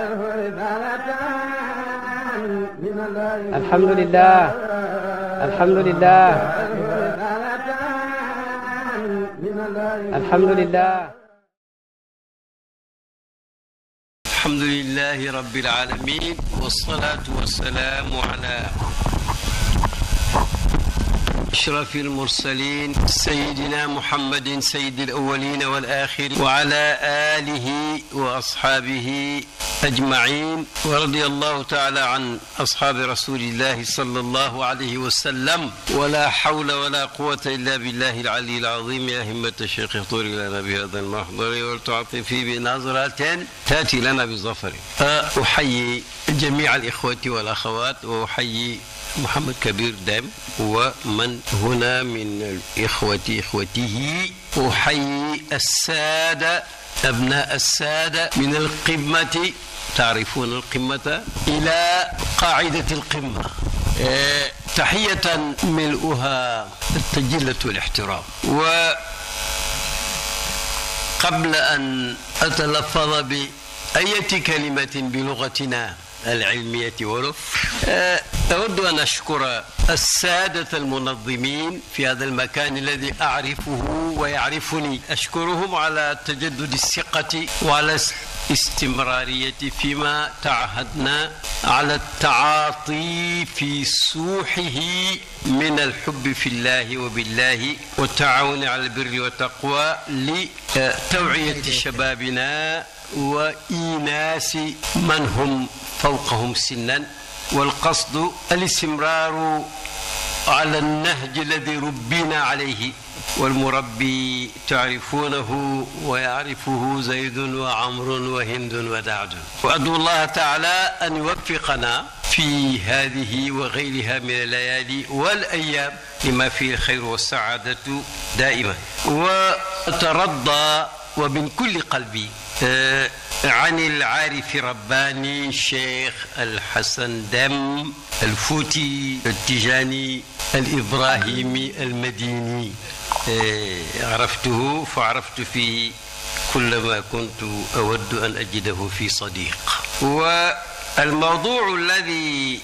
alhamdulilah alhamdulilah alhamdulilah alhamdulilahi rabbil alamin wassalatu wassalamu ala أشرف المرسلين سيدنا محمد سيد الأولين والآخرين وعلى آله وأصحابه أجمعين ورضي الله تعالى عن أصحاب رسول الله صلى الله عليه وسلم ولا حول ولا قوة إلا بالله العلي العظيم يا همة الشيخ اخطر لنا بهذا المحضر ولتعطفي بنظرة تأتي لنا بظفر أحيي جميع الإخوة والأخوات وأحيي محمد كبير دام ومن هنا من الإخوة إخوته أحيي السادة أبناء السادة من القمة تعرفون القمة إلى قاعدة القمة تحية ملؤها التجلة والاحترام وقبل أن أتلفظ بأية كلمة بلغتنا العلمية ولف أود أن أشكر السادة المنظمين في هذا المكان الذي أعرفه ويعرفني أشكرهم على تجدد الثقة وعلى istimraariyati fima taahadna ala taati fi suuxihi min alxubbi fi llahi wa billahi wa taawuni ala albirri wa taqwa li tawciyati shabaabina wa inaasi man hum fawqahum sinnan walqasdu alistimraaru قال النهج الذي ربينا عليه والمربي تعرفونه ويعرفه زيد وعمر وهند ودعد وأدعو الله تعالى أن يوفقنا في هذه وغيرها من الليالي والأيام لما فيه الخير والسعادة دائما وأترضى ومن كل قلبي عن العارف رباني شيخ الحسن دم الفوتي التجاني الإبراهيمي المديني عرفته فعرفت فيه كل ما كنت أود أن أجده في صديق والموضوع الذي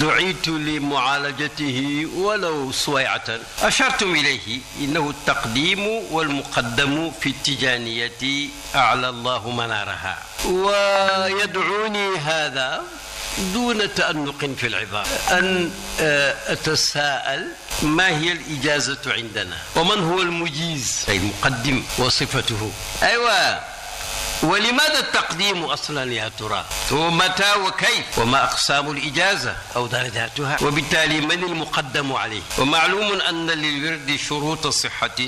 دعيت لمعالجته ولو سويعة أشرتم إليه إنه التقديم والمقدم في التجانية أعلى الله منارها ويدعوني هذا دون تأنق في العبارة أن أتساءل ما هي الإجازة عندنا ومن هو المجيز أي المقدم وصفته أيوة ولماذا التقديم أصلا يا ترى ومتى وكيف وما أقسام الإجازة أو درجاتها وبالتالي من المقدم عليه ومعلوم أن للورد شروط صحة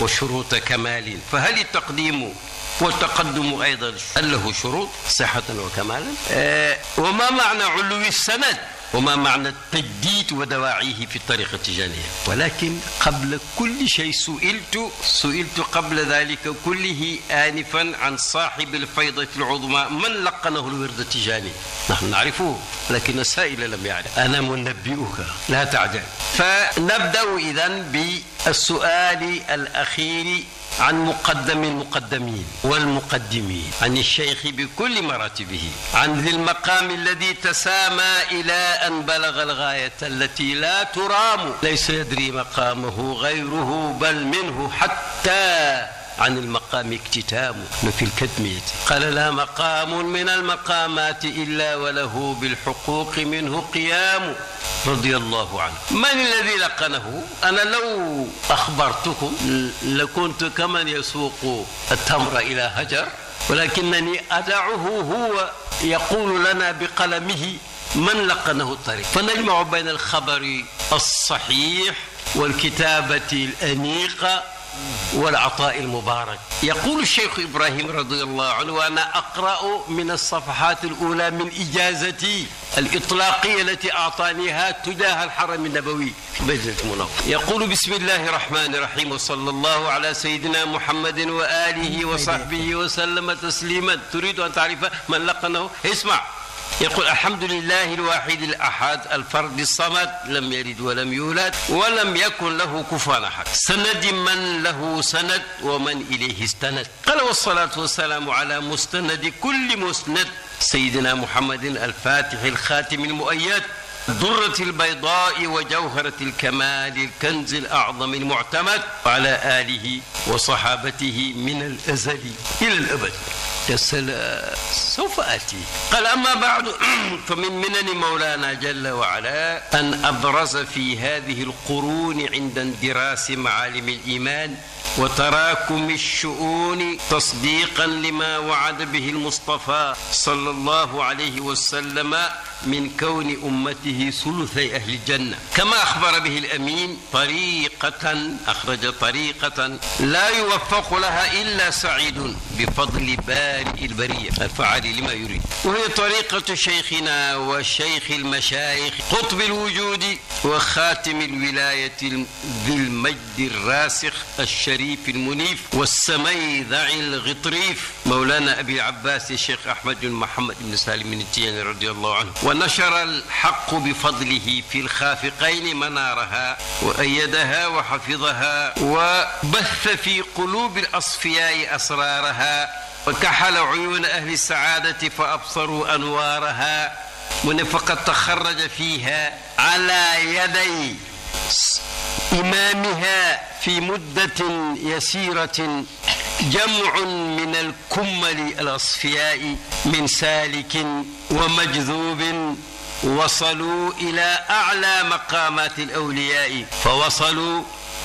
وشروط كمال فهل التقديم والتقدم أيضا له شروط صحة وكمالا أه وما معنى علو السند وما معنى التجديد ودواعيه في الطريقة التجانية ولكن قبل كل شيء سئلت سئلت قبل ذلك كله آنفا عن صاحب الفيضة العظمى من لقنه الورد التجاني نحن نعرفه لكن السائل لم يعرف أنا منبئك لا تعجل فنبدأ إذا بالسؤال الأخير عن مقدم المقدمين والمقدمين عن الشيخ بكل مراتبه عن ذي المقام الذي تسامى إلى أن بلغ الغاية التي لا ترام ليس يدري مقامه غيره بل منه حتى عن المقام اكتتام في الكتمية قال لا مقام من المقامات إلا وله بالحقوق منه قيام رضي الله عنه من الذي لقنه أنا لو أخبرتكم لكنت كمن يسوق التمر إلى هجر ولكنني أدعه هو يقول لنا بقلمه من لقنه الطريق فنجمع بين الخبر الصحيح والكتابة الأنيقة والعطاء المبارك يقول الشيخ إبراهيم رضي الله عنه وأنا أقرأ من الصفحات الأولى من إجازتي الإطلاقية التي أعطانيها تجاه الحرم النبوي في مدينة المنور يقول بسم الله الرحمن الرحيم وصلى الله على سيدنا محمد وآله وصحبه وسلم تسليما تريد أن تعرف من لقنه اسمع يقول الحمد لله الواحد الأحد الفرد الصمد لم يلد ولم يولد ولم يكن له كفوا أحد سند من له سند ومن إليه استند قال والصلاة والسلام على مستند كل مسند سيدنا محمد الفاتح الخاتم المؤيد درة البيضاء وجوهرة الكمال الكنز الأعظم المعتمد وعلى آله وصحابته من الأزل إلى الأبد سوف أتي قال أما بعد فمن منن مولانا جل وعلا أن أبرز في هذه القرون عند اندراس معالم الإيمان وتراكم الشؤون تصديقا لما وعد به المصطفى صلى الله عليه وسلم من كون أمته ثلثي أهل الجنة كما أخبر به الأمين طريقة أخرج طريقة لا يوفق لها إلا سعيد بفضل باب الأفكار البرية الفعال لما يريد وهي طريقة شيخنا وشيخ المشايخ قطب الوجود وخاتم الولاية ذي المجد الراسخ الشريف المنيف والسميذع الغطريف مولانا أبي العباس الشيخ أحمد بن محمد بن سالم بن التياني رضي الله عنه ونشر الحق بفضله في الخافقين منارها وأيدها وحفظها وبث في قلوب الأصفياء أسرارها فكحل عيون أهل السعادة فأبصروا أنوارها من فقد تخرج فيها على يدي إمامها في مدة يسيرة جمع من الكمل الأصفياء من سالك ومجذوب وصلوا إلى أعلى مقامات الأولياء فوصلوا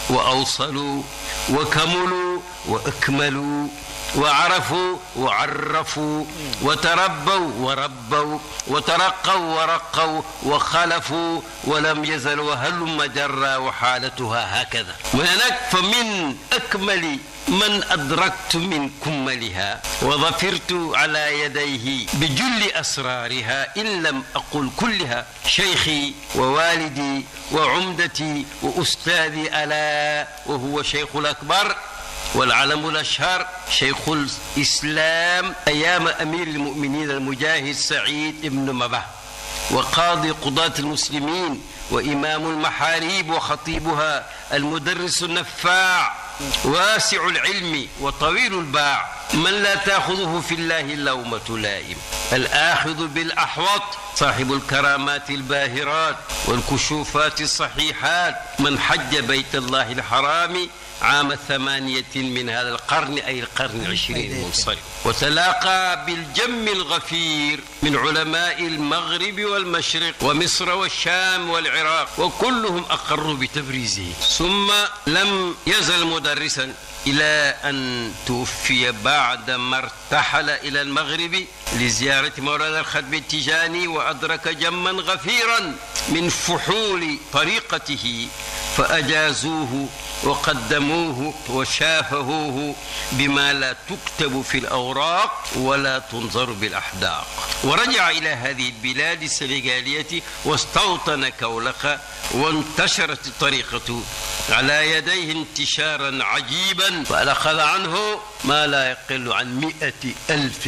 وأوصلوا وكملوا وأكملوا وعرفوا وعرفوا وتربوا وربوا وترقوا ورقوا وخلفوا ولم يزلوا هلم جرا وحالتها هكذا ولذلك فمن أكمل من أدركت من كملها وظفرت على يديه بجل أسرارها إن لم أقل كلها شيخي ووالدي وعمدتي وأستاذي ألا وهو شيخ الأكبر والعلم الأشهر شيخ الإسلام أيام أمير المؤمنين المجاهد سعيد بن مبه وقاضي قضاة المسلمين وإمام المحاريب وخطيبها المدرس النفاع واسع العلم وطويل الباع من لا تأخذه في الله لومة لائم الآخذ بالأحوط صاحب الكرامات الباهرات والكشوفات الصحيحات من حج بيت الله الحرام عام ثمانية من هذا القرن أي القرن العشرين المنصرم وتلاقى بالجم الغفير من علماء المغرب والمشرق ومصر والشام والعراق وكلهم أقروا بتبريزه ثم لم يزل مدرسا ila an tuwuffiya baada ma rtaxala ila almaghribi li ziyaarati mawlana alxatmi tijaani wa adraka jamman gafiran min fuxuuli tariqatihi fa ajaazuuhu wa qaddamuuhu wa shaafahuuhu bima laa tuktabu fi alawraaq wala tunzaru bilaxdaaq wa rajaca ila hadihi albilaad alsenegaaliyati wastawtana kawlaqa wantasharat tariqatu ala yadayhi intisharan cajiiban وأخذ عنه ما لا يقل عن مئة ألف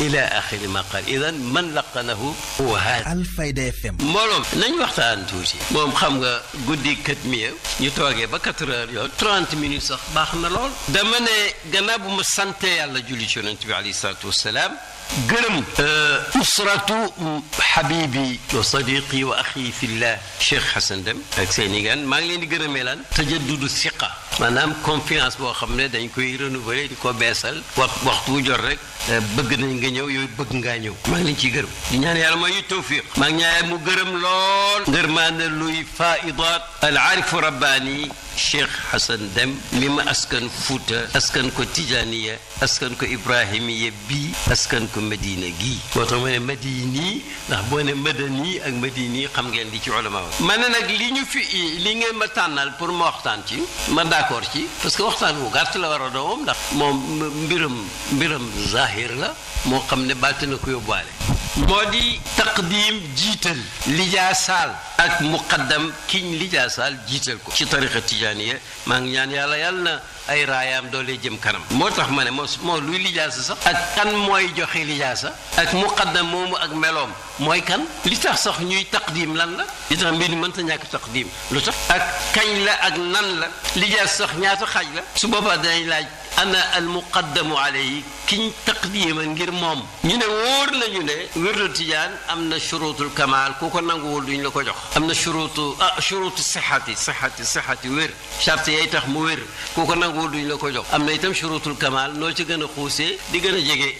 ila axiri maqaar idan man laqanahu huwa haada Alfayda FM mbooloom nañ waxtaan tuuti moom xam nga guddi kët mi ñu toogee ba quatre heures yoon trente minutes sax baax na lool dama ne gannaaw bu ma sante yàlla julli ci yonent bi alayhi salaatu wassalaam gërëm euh, usratu habibi wa sadiqi wa axi fillah Cheikh Hassan Deme ak seen i gan maa ngi leen di gërëmee lan tajaddudu siqa maanaam confiance boo xam ne dañ koy renouveler di ko beesal wax waxtu wu jot rek euh, bëgg nañ nga ngi ñëw yooyu bëgg ngaa ñëw maa ngi leen di ñaan yàlla mooy yu tawfiq maa ngi ñaan mu gërëm lool ngërmaane luy faidat al arif rabbani Cheikh Hassan dem mi ma askan Fuuta askan ko Tijaaniya askan ko Ibrahimiya bi askan ko Medina gii moo tax ma ne Madini ndax boo ne Madani ak Madini xam ngeen di ci olama wa ma nag li ñu fi li ngeen ma tànnal pour ma waxtaan ci ma d'accord ci parce que waxtaan wu gàrt la war a doomam ndax moom mbiram mbiram zahir la moo xam ne bàtt na ko yóbbaale moo di taqdim jiital lijaasaal ak muqaddam kiñ lijaasaal jiital ko ci tariqa tijaaniya maa ngi ñaan yàlla yàlla na ay raayaam doolee jëm kanam moo tax ma ne moo moo luy lijaasa sax ak kan mooy joxe lijaasa ak mu muqaddam moomu ak meloom mooy kan li tax sox ñuy taqdim lan la li tax mbir mi mënta ñàkk taqdim lu tax ak kañ la ak nan la lijaasa sox ñaata xaaj la su boobaa danañ laaj ana al mu muqaddamu alayhi kiñ taqdima ngir moom ñu ne wóor nañu ne wérdu tijaan am na churutul kamal ku ko nanguwul duñ la ko jox am na churutu ah churutu sixati sixati sixati wér a yay tax mu wér ku ko nangu nanguwul la ko jox am na itam shurutul kamal noo ci gën a xuusee di gën a jege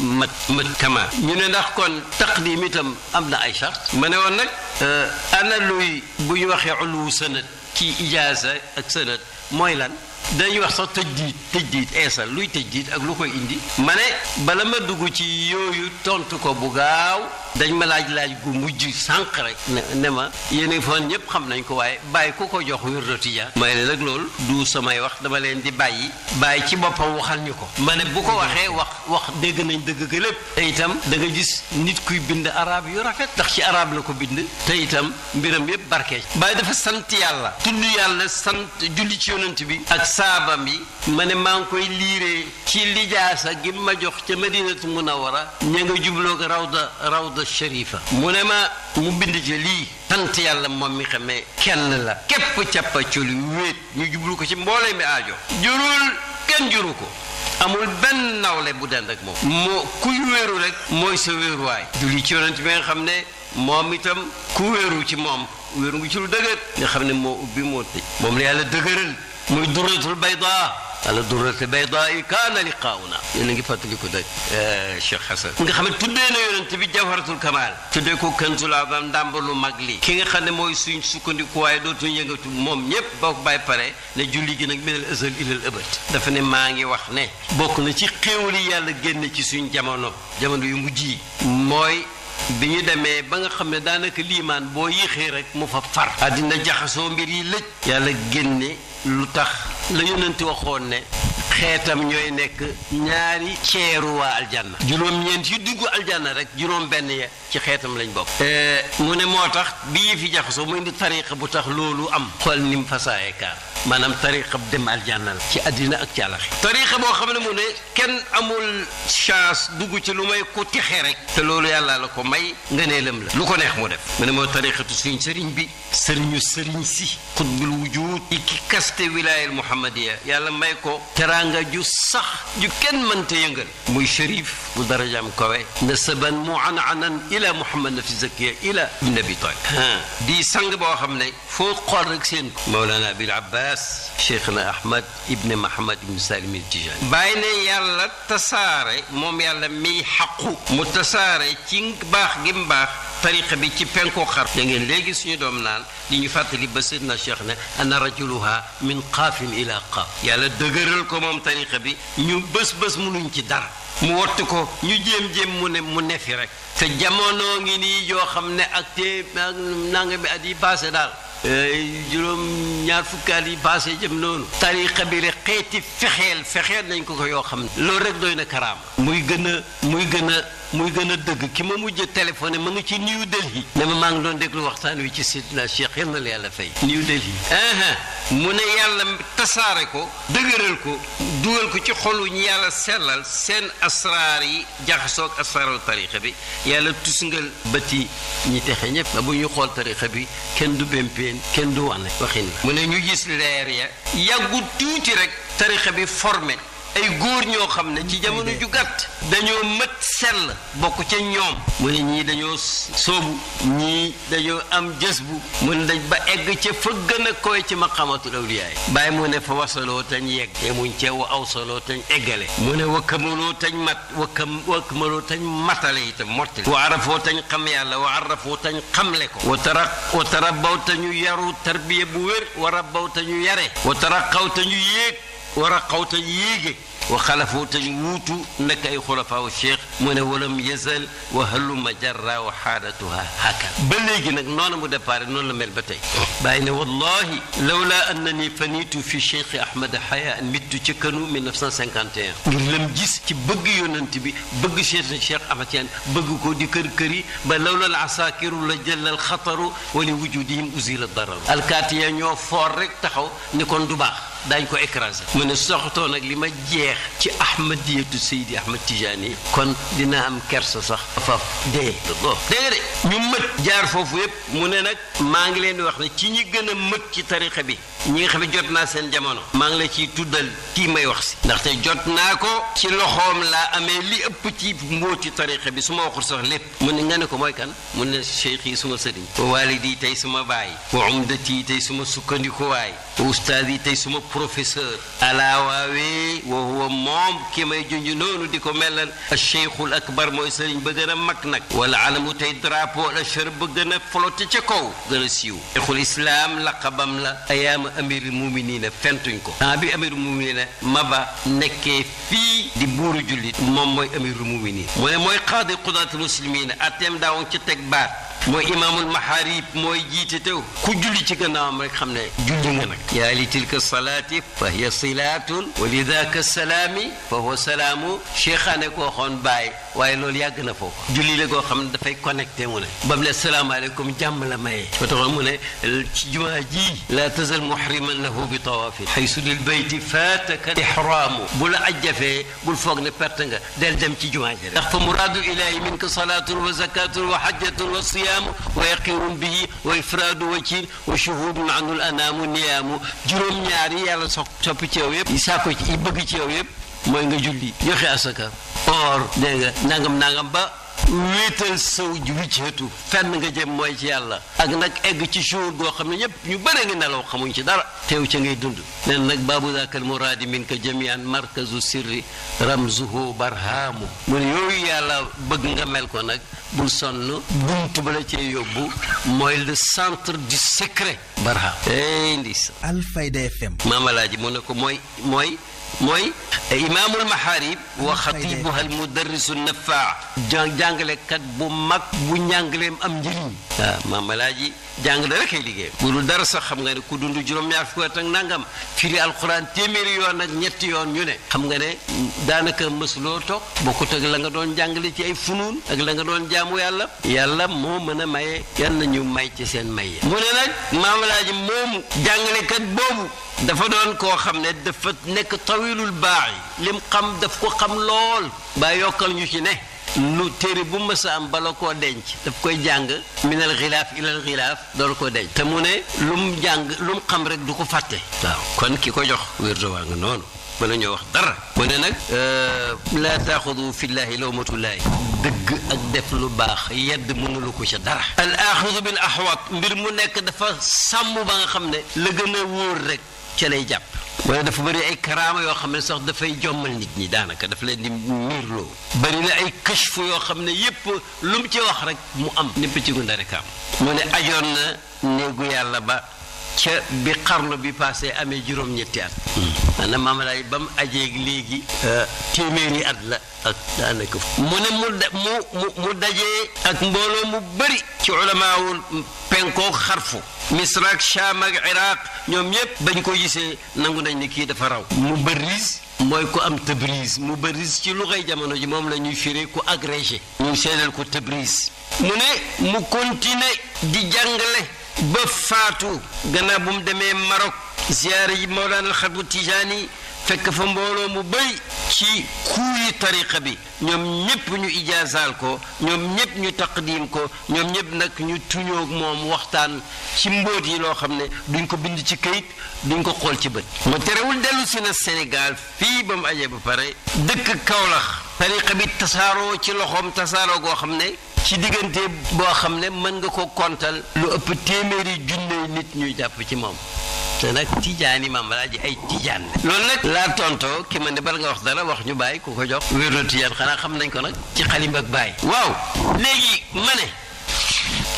mat mat kamal ñu ne ndax kon taq itam am na ay chart ma ne woon nag euh, ana luy bu ñu waxee ulu sanad ci ijaaza ak sanad mooy lan dañuy wax sax tëj diit tëj diit eesal luy tëj diit ak lu koy indi ma ne bala ma dugg ci yooyu tontu ko bu gaaw dañ ma laaj laaj gu mujj sànq rek ne ne ma yéen fan ñëpp xam nañ ko waaye bàyyi ku ko jox wirdu tijaan may ne nag loolu du samay wax dama leen di bàyyi bàyyi ci boppam waxal ñu ko ma ne bu ko waxee wax wax dégg nañ dëgg ga lépp te itam da nga gis nit kuy bind arab yu rafet ndax ci arab la ko bind te itam mbiram yëpp barkee bàyyi dafa sant yàlla ci yonent bi saabam yi ma ne maa ngi koy liire ci lijaasa gi ma jox ca madinatu munawara ña nga jubloo ko rawda rawda sharifa mu ne ma mu bind ca lii sant yàlla moom mi xamee kenn la képp cappa coli wéet ñu jublu ko ci mboolee mi aajo jurul kenn juru ko amul benn nawle bu dend ak moom moo kuy wéeru rek mooy sa wéeruwaay julli ci yonent bi nga xam ne moom itam ku wéeru ci moom wéeru ngi ci lu dëgër nga xam ne moo ubbi moo tëj moom la yàlla dëgëral muy durratul bayda ala durratul bayda yi kaana liqaawuna yéen a ngi fàttali ko daj e, Cheikh Hassan nga xam ne tuddee na yonent bi jawharatul kamal tuddee ko kantulaa ba ndàmb lu mag li ki nga xam ne mooy suñ sukkandiku waaye dootuñ yëngatu moom ñépp boo ko pare ne julli gi nag minal azal ilal abad dafa ne maa ngi wax ne bokk na ci xéewali yàlla génn ci suñ jamono jamono yu mujj yi mooy bi ñu demee ba nga xam ne daanaka liimaan boo yéexee rek mu fa far àddina jaxasoo mbir yi lëj yàlla génne lu tax la yonent waxoon ne xeetam ñooy nekk ñaari ceeru waa aljanna juróom-ñeent yu dugg aljanna rek juróom-benn ya ci xeetam lañ bokk. Eh, mu ne moo tax bii fi jaxasoo mu indi tariqa bu tax loolu am. xool ni mu fasaayee kaar maanaam tariqa dem aljanna la ci àddina ak ci àllaxi tariqa boo xam ne mu ne kenn amul chance dugg ci lu may ku texe rek te loolu yàlla la ko may nga nee la lu ko neex mu def mu ne moo tariqatu suñ sëriñ bi sëriñu sëriñ si xutbul wujud i ki kaste wilaayal muhammadiya yàlla may ko teraanga ju sax ju kenn mënta yëngal muy shérif bu darajaam kawe nasaban mu an anan ila muhammad nafi zakiya ila ibn abi talib di sang boo xam ne foo xool rek seen ko mawlana bil abbas abbas na ahmad ibn mahamad ibn salim tijani bàyyi ne yàlla tasaare moom yàlla miy xaqu mu tasaare ci baax gi mu baax tariqa bi ci penko xar da ngeen léegi suñu doom naan di ñu fàttali ba sidna cheikh ne ana rajuluha min qaafin ila qaaf yàlla dëgëral ko moom tariqa bi ñu bés bés munuñ ci dara mu wattu ko ñu jéem-jéem mu ne mu nefi rek te jamono ngi nii yoo xam ne ak te nanga bi at yi passé Eh, juróom ñaar fukkaat yi passé jëm noonu tariqa bi rek xeeti fexeel fexeel nañ ko ko yoo xam ne loolu rek doy na karaama gën a muy gën a muy gën a dëgg ki ma mujj téléphoné ma nga ci New Delhi ne ma maa ngi doon déglu waxtaan wi ci Sidna Cheikh yal na la yàlla fay New Delhi mu ne yàlla tasaare ko dëgëral ko dugal ko ci xolu ñu yàlla sellal seen asraar yi jaxasoog asraaru tarixa bi yàlla tusngal bëti ñi texe ñëpp bu ñu xool tarixa bi kenn du bémpéen kenn du wane waxin la mu ne ñu gis leer ya yàggu tuuti rek tarixa bi formé ay góor ñoo xam ne ci jamono ju gàtt dañoo mët sell bokk ca ñoom mu ne ñii dañoo soobu ñii dañoo am jës bu mu dañ ba egg ca fa gën a koy ci maqamatul awliyaay bàyyi mu ne fa wasaloo tañ yegg te muñ cee wa aw saloo tañ eggale mu ne wakkamaloo tañ mat wakkam wakkamaloo tañ matale itam mottali wa arafoo tañ xam yàlla wa arafoo tañ xamle ko wa tara wa tarabaw tañu yaru tarbiya bu wér wa rabaw tañu yare wa taraqaw tañu yéeg waraqaw tañ yéege wa xalafaw tañ wuutu naka ay xulafaaw cheikh mu ne walam yësal wa haluma jarra wa xaadatuha haka ba léegi nag noonu mu départ noonu la mel ba tey bàyyi ne wallahi lawla annani fanitu fi cheikh ahmad xaya an mittu ci kanu 1951 ngir lam gis ci bëgg yonent bi bëgg cheikh cheikh ahmad tidiane bëgg ko di kër kër yi ba lawla al asaakiru la jëlal xataru wali wujudihim usila dararu alkaatiya ñoo foor rek taxaw ni kon du baax daañ ko écraser mu ne soxtoo nag li ma jeex ci ahmadiyatu seydi ahmad tijaani kon dina am kersa sax faf dee bo dégg nga de ñu mët jaar foofu yépp mu ne nag maa ngi leen wax ne ci ñi gën a mët ci tarixa bi ñi nga jot naa seen jamono maa ngi la ciy tuddal kii may wax si ndaxte jot naa ko ci loxoom laa amee li ëpp ci mbóoti tarixa bi suma ma sox sax lépp mu ne nga ne ko mooy kan mu na cheikh yi suma sëriñ wa walidi tey suma baay wa umdati tey suma sukkandikuwaay wa ustaad yi tey suma professeur alaa waawee wa huwa moom ki may junj noonu di ko melal a cheikhul akbar mooy sëriñ ba gën a mag nag wala alamu tey drapeau la chër ba gën a flotte ca kaw gën a siiw cheikhul islaam laqabam la ayaama amirul muminina fentuñ ko temps bi amirul muminina maba nekkee fii di buuru jullit moom mooy amirul muminin mu ne mooy qaadi qudatul muslimina atteem daawoon ca teg baat mooy imaamul maharib mooy jiite tew ku julli ci gannaawam rek xam ne julli nga nag yaa li tilka salaati fa hiya silaatun wa li daaka salaami fa huwa salaamu cheikhaane koo xoon bàyyi waaye loolu yàgg na foofu julli la koo xam ne dafay connecté mu ne ba mu ne salaamaaleykum jàmm la mayee ba taxoon mu ne ci jumaa ji laa tazal muhriman lahu bi tawaafin xaysu lil bayti faataka ihraamu bu la ajjafee bul foog ne perte nga del dem ci jumaa ji rek ndax fa muraadu ilaahi minka salaatun wa zakatun wa hajjatun wa siyaam niyaam wa yaqiirun bihi wa ifraadu wajhin wa shuhudun anul anaamu niyaamu juróom-ñaar yi yàlla so sopp ci yow yëpp yi sàkko yi bëgg ci yow yëpp mooy nga julli joxe asaka or dégg nga nangam nangam ba wéetal saw wijhatu fenn nga jëm mooy ci yàlla ak nag egg ci jour goo xam ne ñëpp ñu bëri ngi nelaw xamuñ ci dara teew ci ngay dund nen nag baabu zaakal muraadi min ka jamian markazu sirri ramzuhu barhaamu mu ne yooyu yàlla bëgg nga mel ko nag bul sonn bunt ba la cee yóbbu mooy le centre du secret barhaam ey ndis Alfayda FM maamalaaji mu ne ko mooy mooy mooy imaamul maxaarib wa xatibuha al mudarrisu nafaa jàngalekat bu mag bu njàngaleem am njëriñ waaw ah, maam alaaji jàngale rek ay liggéey bu dul dara sax xam nga ne ku dund juróom-ñaar fukki at ak nangam firi alquran téeméeri yoon ak ñetti yoon ñu ne xam nga ne daanaka mësuloo toog bokkut ak la nga doon jàngale ci ay funuun ak la nga doon jaamu yàlla yàlla moo mën a maye yal na ñu may ci seen may mu ne nag maam moomu jàngalekat boobu dafa doon koo xam ne dafa nekk taw tawilul baax lim xam daf ko xam lool ba yokkal ñu ci ne nu téere bu mës a am bala koo denc daf koy jàng minal xilaaf ilal xilaaf doolu te mu ne lu mu jàng lu mu xam rek du ko fàtte kon ki ko jox wérdo waa nga noonu mën nañoo wax dara mu ne nag euh, laa taaxudu fillaahi lawmatullaahi dëgg ak def lu baax yedd mënulu ko ca dara al axudu bil axwat mbir mu nekk dafa sàmm ba nga xam ne la gën a rek ca lay jàpp wala dafa bëri ay karaama yoo xam ne sox dafay jommal nit ñi daanaka dafa leen di miirloo bëri na ay kashfu yoo xam ne yépp lu mu ci wax rek mu am népp ci gundari kaam mu ne ajoon na néegu yàlla ba ca bi xarnu bi passé amee juróom-ñetti at hmm. maanaam maamalaay ba mu ajeeg léegi euh, téeméeri at la ak daanaka mu ne mu mu mu mu dajee ak mbooloo mu bëri ci ulamaawul penkoo xarfu misra ak Shaam ak Iraq ñoom yépp bañ ko gisee nangu nañ ni kii dafa raw mu bëris mooy ku am tëbris mu bëris ci lu xëy jamono ji moom la ñuy firé ku agrégé ñu seedal ko tëbris mu ne mu continuer di jàngale ba faatu gannaaw bu mu demee Maroc ziyaare yi Mawlaana Xatbu Tijaani fekk fa mbooloo mu bëy ci kuuyi tariqa bi ñoom ñépp ñu ijaasaal ko ñoom ñépp ñu diim ko ñoom ñépp nag ñu tuñoog moom waxtaan ci mbóot yi loo xam ne duñ ko bind ci këyit duñ ko xool ci bët ma terewul dellu si na Sénégal fii ba mu ajee ba pare dëkk Kaolack tariqa bi tasaaroo ci loxoom tasaaroo goo xam ne ci diggante boo xam ne mën nga ko kontal lu ëpp téeméeri junne nit ñuy jàpp ci moom te nag yi maam alaaji ay tijaan la loolu nag laa tontoo ki ma ne bala nga wax dara wax ñu bàyyi ku ko jox wér na tijaan xanaa xam nañ ko nag ci xalim ak bàyyi waaw léegi ma ne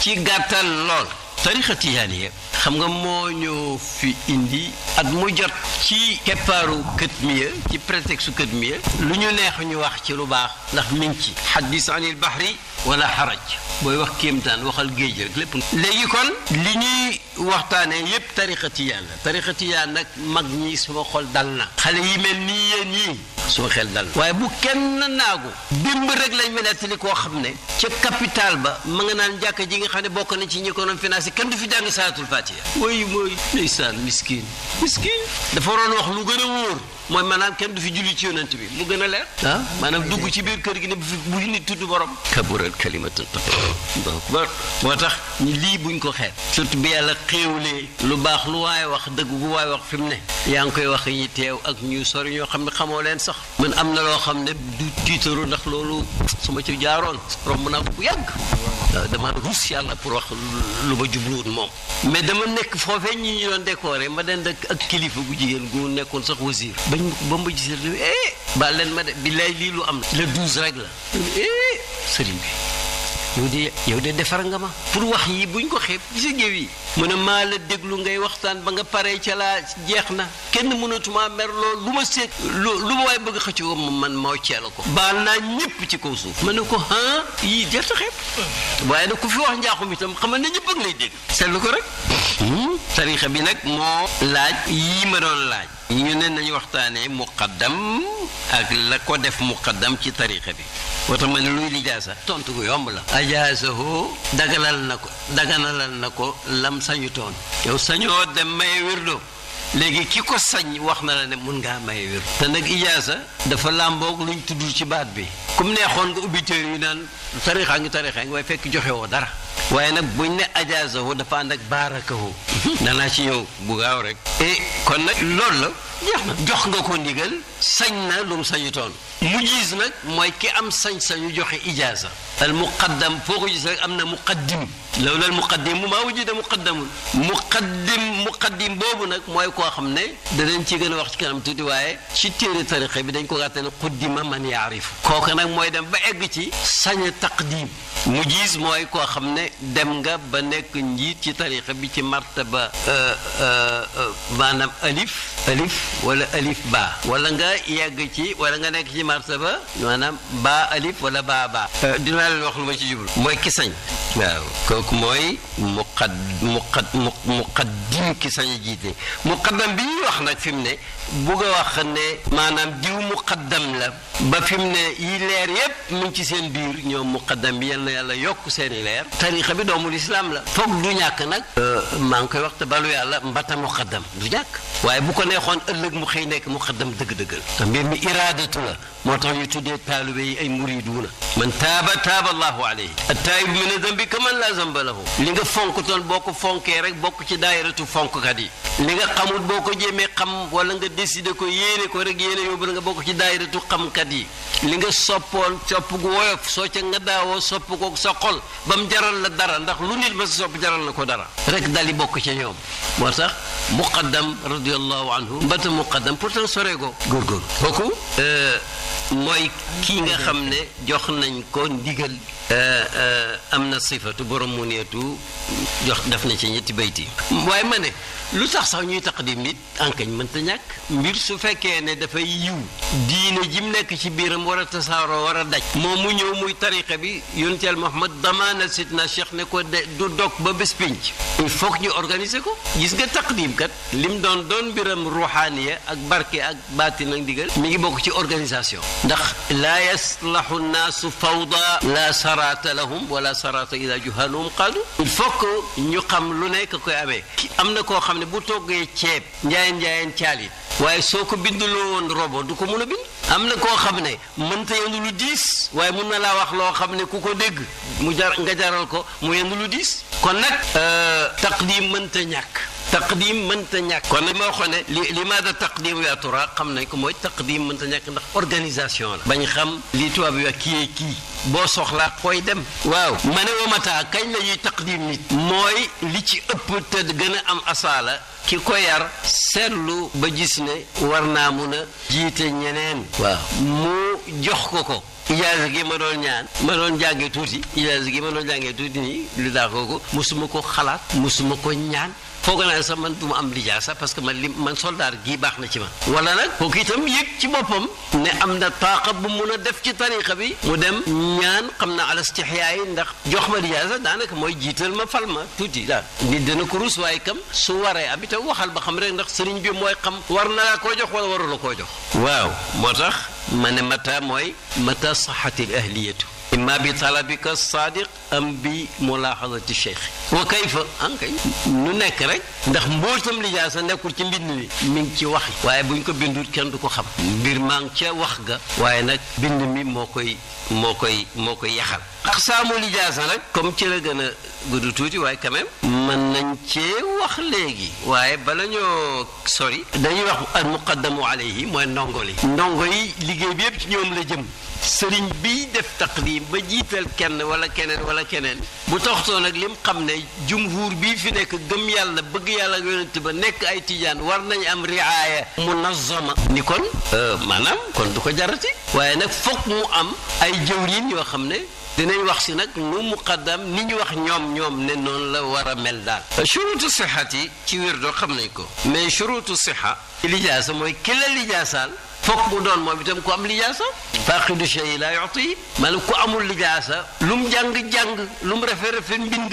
ci gàttal lool tarixa tijaani yi xam nga moo ñëw fi indi at mu jot ci keppaaru Katmiya ci prétexte Katmiya lu ñu neex ñu wax ci lu baax ndax mi ngi ci xaddis anil bahri wala xaraj booy wax kéemtaan waxal géej rek lépp léegi kon li ñuy waxtaanee yépp tariqa tijaan la tariqa tijaan nag mag ñi suma xol dal na xale yi mel nii yéen yii suma xel dal waaye bu kenn naagu dimb rek lañ ma nettali koo xam ne ca capital ba ma nga naan jàkka ji nga xam ne bokk na ci ñi ko doon financé kenn du fi jàng salatul fatiha mooy mooy ndeysaan miskin tabaski dafa waroon wax lu gën a wóor mooy maanaam kenn du fi julli ci yonent bi mu gën a leer ah maanaam dugg ci biir kër gi ne bu fi bu nit tudd borom kabural kalimatan ba moo tax lii buñ ko xeet surtout bi yàlla xéewlee lu baax lu waaye wax dëgg gu waaye wax fi ne yaa ngi koy wax ñi teew ak ñu sori ñoo xam ne xamoo leen sax man am na loo xam ne du tiitaru ndax loolu su ma ci jaaroon romb naa ko bu yàgg ah, dama rus yàlla pour wax lu ma jubluwoon moom mais dama nekk foofee ñi ñu doon décoré ma den dëkk ak kilifa gu jigéen gu nekkoon sax wasir bañ ba ma gisee eh, leen ma de billaay lii lu am la du douze rek la eh sëriñ bi. yow de yow de defar nga ma pour wax yi buñ ko xeeb gisa géew yi mu ne maa la déglu ngay waxtaan ba nga paree ca laa jeex na kenn mënatuma mer lool lu ma seet lu ma waaye bëgg xëccoo man moo ceela ko baal naa ñëpp ci kaw suuf ma ne ko ah yii jarta waaye nag ku fi wax njaaxum itam xamal ne ñëpp a ngi lay dégg seetlu ko rek hmm? tarixa bi nag moo laaj yii ma doon laaj ñu ne nañu waxtaanee muqaddam ak la ko def muqaddam ci tarixa bi wata ma ne luy lijaasa tontu gu yomb la majaasahu daganal na ko daganalal na ko lam sañutoon yow sañoo dem maye wirdo léegi ki ko sañ wax na la ne mun ngaa maye wirdo te nag ijaasa dafa làmboog luñ tudd ci baat bi comme neexoon nga auditeurs yi naan tarixaa ngi tarixaa ngi waaye fekk joxe woo dara waaye nag buñ ne ajaasahu dafa ànd ak baarakahu danaa ci ñëw bu gaaw rek e kon nag loolu jox nga ko ndigal sañ na lu mu sañutoon mujiz nag mooy ki am sañ-sañu joxe ijaasa al muqaddam foo ko gis am na muqaddim loolu al muqaddim mu maa wujida muqaddamul muqaddim muqaddim boobu nag mooy koo xam ne danañ ci gën a wax ci kanam tuuti waaye ci téere tariqa bi dañ ko gàttale quddima man yaarifu kooku nag mooy dem ba egg ci sañ a taqdim mujiz mooy koo xam ne dem nga ba nekk njiit ci tariqa bi ci martaba euh, euh, euh, maanaam alif alif wala alif ba wala nga yegg ci wala nga nekk ci marsa ba maanaam ba alif wala baa baa euh, dinaa leen wax lu ma ci jublu mooy kisañ waaw kooku mooy muqad muqad muqaddim kisañ jiite muqaddam bi ñuy wax fi mu ne bugg a wax ne maanaam diw muqaddam la ba fi mu ne yi leer yépp mu ngi ci seen biir ñoom muqaddam bi yal na yàlla yokk seeni leer tarixa bi doomul islaam la foog du ñàkk nag euh, maa ngi koy wax te balu yàlla mbata muqaddam du ñàkk waaye bu ko neexoon ëllëg mu xëy nekk muqaddam dëgg-dëggal mbir mi iraadatu la moo tax ñu tuddee taalibe yi ay muriduuna man taaba taaba allahu alayhi attaayib min azambi ka man laa zamba lahu li nga fonk toon boo ko fonkee rek bokk ci daayiratu fonkkat yi li nga xamul boo ko jéemee xam wala nga décider ko yéene ko rek yéene yóbbu nga bokk ci daayiratu xamkat yi li nga soppoon sopp gu woyof soo ca nga daawoo sopp ko sa xol ba mu jaral la dara ndax lu nit ma sa sopp jaral la ko dara rek dali bokk ci ñoom moo tax muqaddam radiyallahu anhu mbata muqaddam pourtant soreegoo góorgóorlu kooku euh, mooy kii nga xam ne jox nañ ko ndigal euh, euh, am na sifatu borom mu neetu jox def na ci ñetti bayti waaye ma ne lu tax sax ñuy taqdim nit ankañ mënta ñàkk mbir su fekkee ne dafay yiw diine jim nekk ci biiram wara a wara war a daj moom mu ñëw muy tariqa bi yonteel Muhammad damaanal sidna cheikh ne ko de du dog ba bés pénc il faut ñu organiser ko gis nga taqdim kat lim doon doon mbiram ruuxaaniya ak barke ak baatin ak ndigal mi ngi bokk ci organisation ndax laa yaslahu nnaasu fawda la sarata lahum wala sarata ila juhalum qalu il faut ñu xam lu nekk koy amee xam ne bu toggee ceeb njaayeen njaayeen caalit waaye soo ko loo woon robo du ko mun a bind am na koo xam ne mënta yendu lu diis waaye mun na laa wax loo xam ne ku ko dégg mu jar nga jaral ko mu yendu lu diis kon nag euh, taqdim mënta ñàkk taq taqdim mënta ñàkk kon nag moo xoo ne li taq taqdim yaa tura xam nañ ko mooy taq taqdim mënta ñàkk ndax organisation la bañ xam lii tubaab yaa kiyee kii kii boo soxlaa koy dem waaw ma ne wa mataa kañ la ñuy taqdim nit mooy li ci ëpp te gën a am asaala ki ko yar seetlu ba gis ne war naa mun a jiite ñeneen waaw mu jox ko ko ijaasa gi ma doon ñaan ma doon jàngee tuuti ijaasa gi ma doon jàngee tuuti nii lu daa kooku musuma ko xalaat musuma ko ñaan foog naa sax man du ma am lijaasa parce que man li man soldaar gi baax na ci man wala nag kooku itam yëg ci boppam ne am na taaqa bu mun a def ci tariqa bi mu dem ñaan xam na ala stixyaay ndax jox ma lijaasa daanaka mooy jiital ma fal ma tuuti daal nit dana ko rus waay kam su waree am itam waxal ba xam rek ndax sëriñ bi mooy xam war na koo jox wala waru la koo jox waaw ma ne mata mooy mata saxatil ahliyatu imma bi talabika saadiq am bi mulaaxasati cheikh wa kayfa ankay ah, nu nekk rek ndax mbootam lijaasa nekkul ci mbind mi mi ngi ci wax waaye bu ñu ko bindul kenn du ko xam mbir maa ngi ca wax ga waaye nag bind mi moo koy moo koy moo koy yaxal aqsaamu lijaasa nag comme ci la gën gudd tuuti waaye quand même mën nañ cee wax léegi waaye bala ñoo sori dañuy wax al muqaddamu alayhi mooy ndongo li ndongo yi liggéey bi yëpp ci ñoom la jëm sëriñ biy def taqdim ba jiital kenn wala keneen wala keneen bu toxtoo nag lim xam ne jumhuur bii fi nekk gëm yàlla bëgg yàlla yonent ba nekk ay tiijan war nañ am riaaya munazama ni kon euh, maanaam kon du ko jarati waaye nag fokk mu am ay jëwriin yoo xam ne dinañ wax si nag nu muqaddam ni ñu wax ñoom ñoom ne noonu la war a mel daal churutu sixaat yi ci wér doo xam nañ ko mais churutu sixa lijaasa mooy ki la lijaasaal fokk mu doon moom itam ku am lijaasa faqidu shay laa yuti maanaam ku amul lijaasa lu mu jàng-jàng lu mu refe refe mbind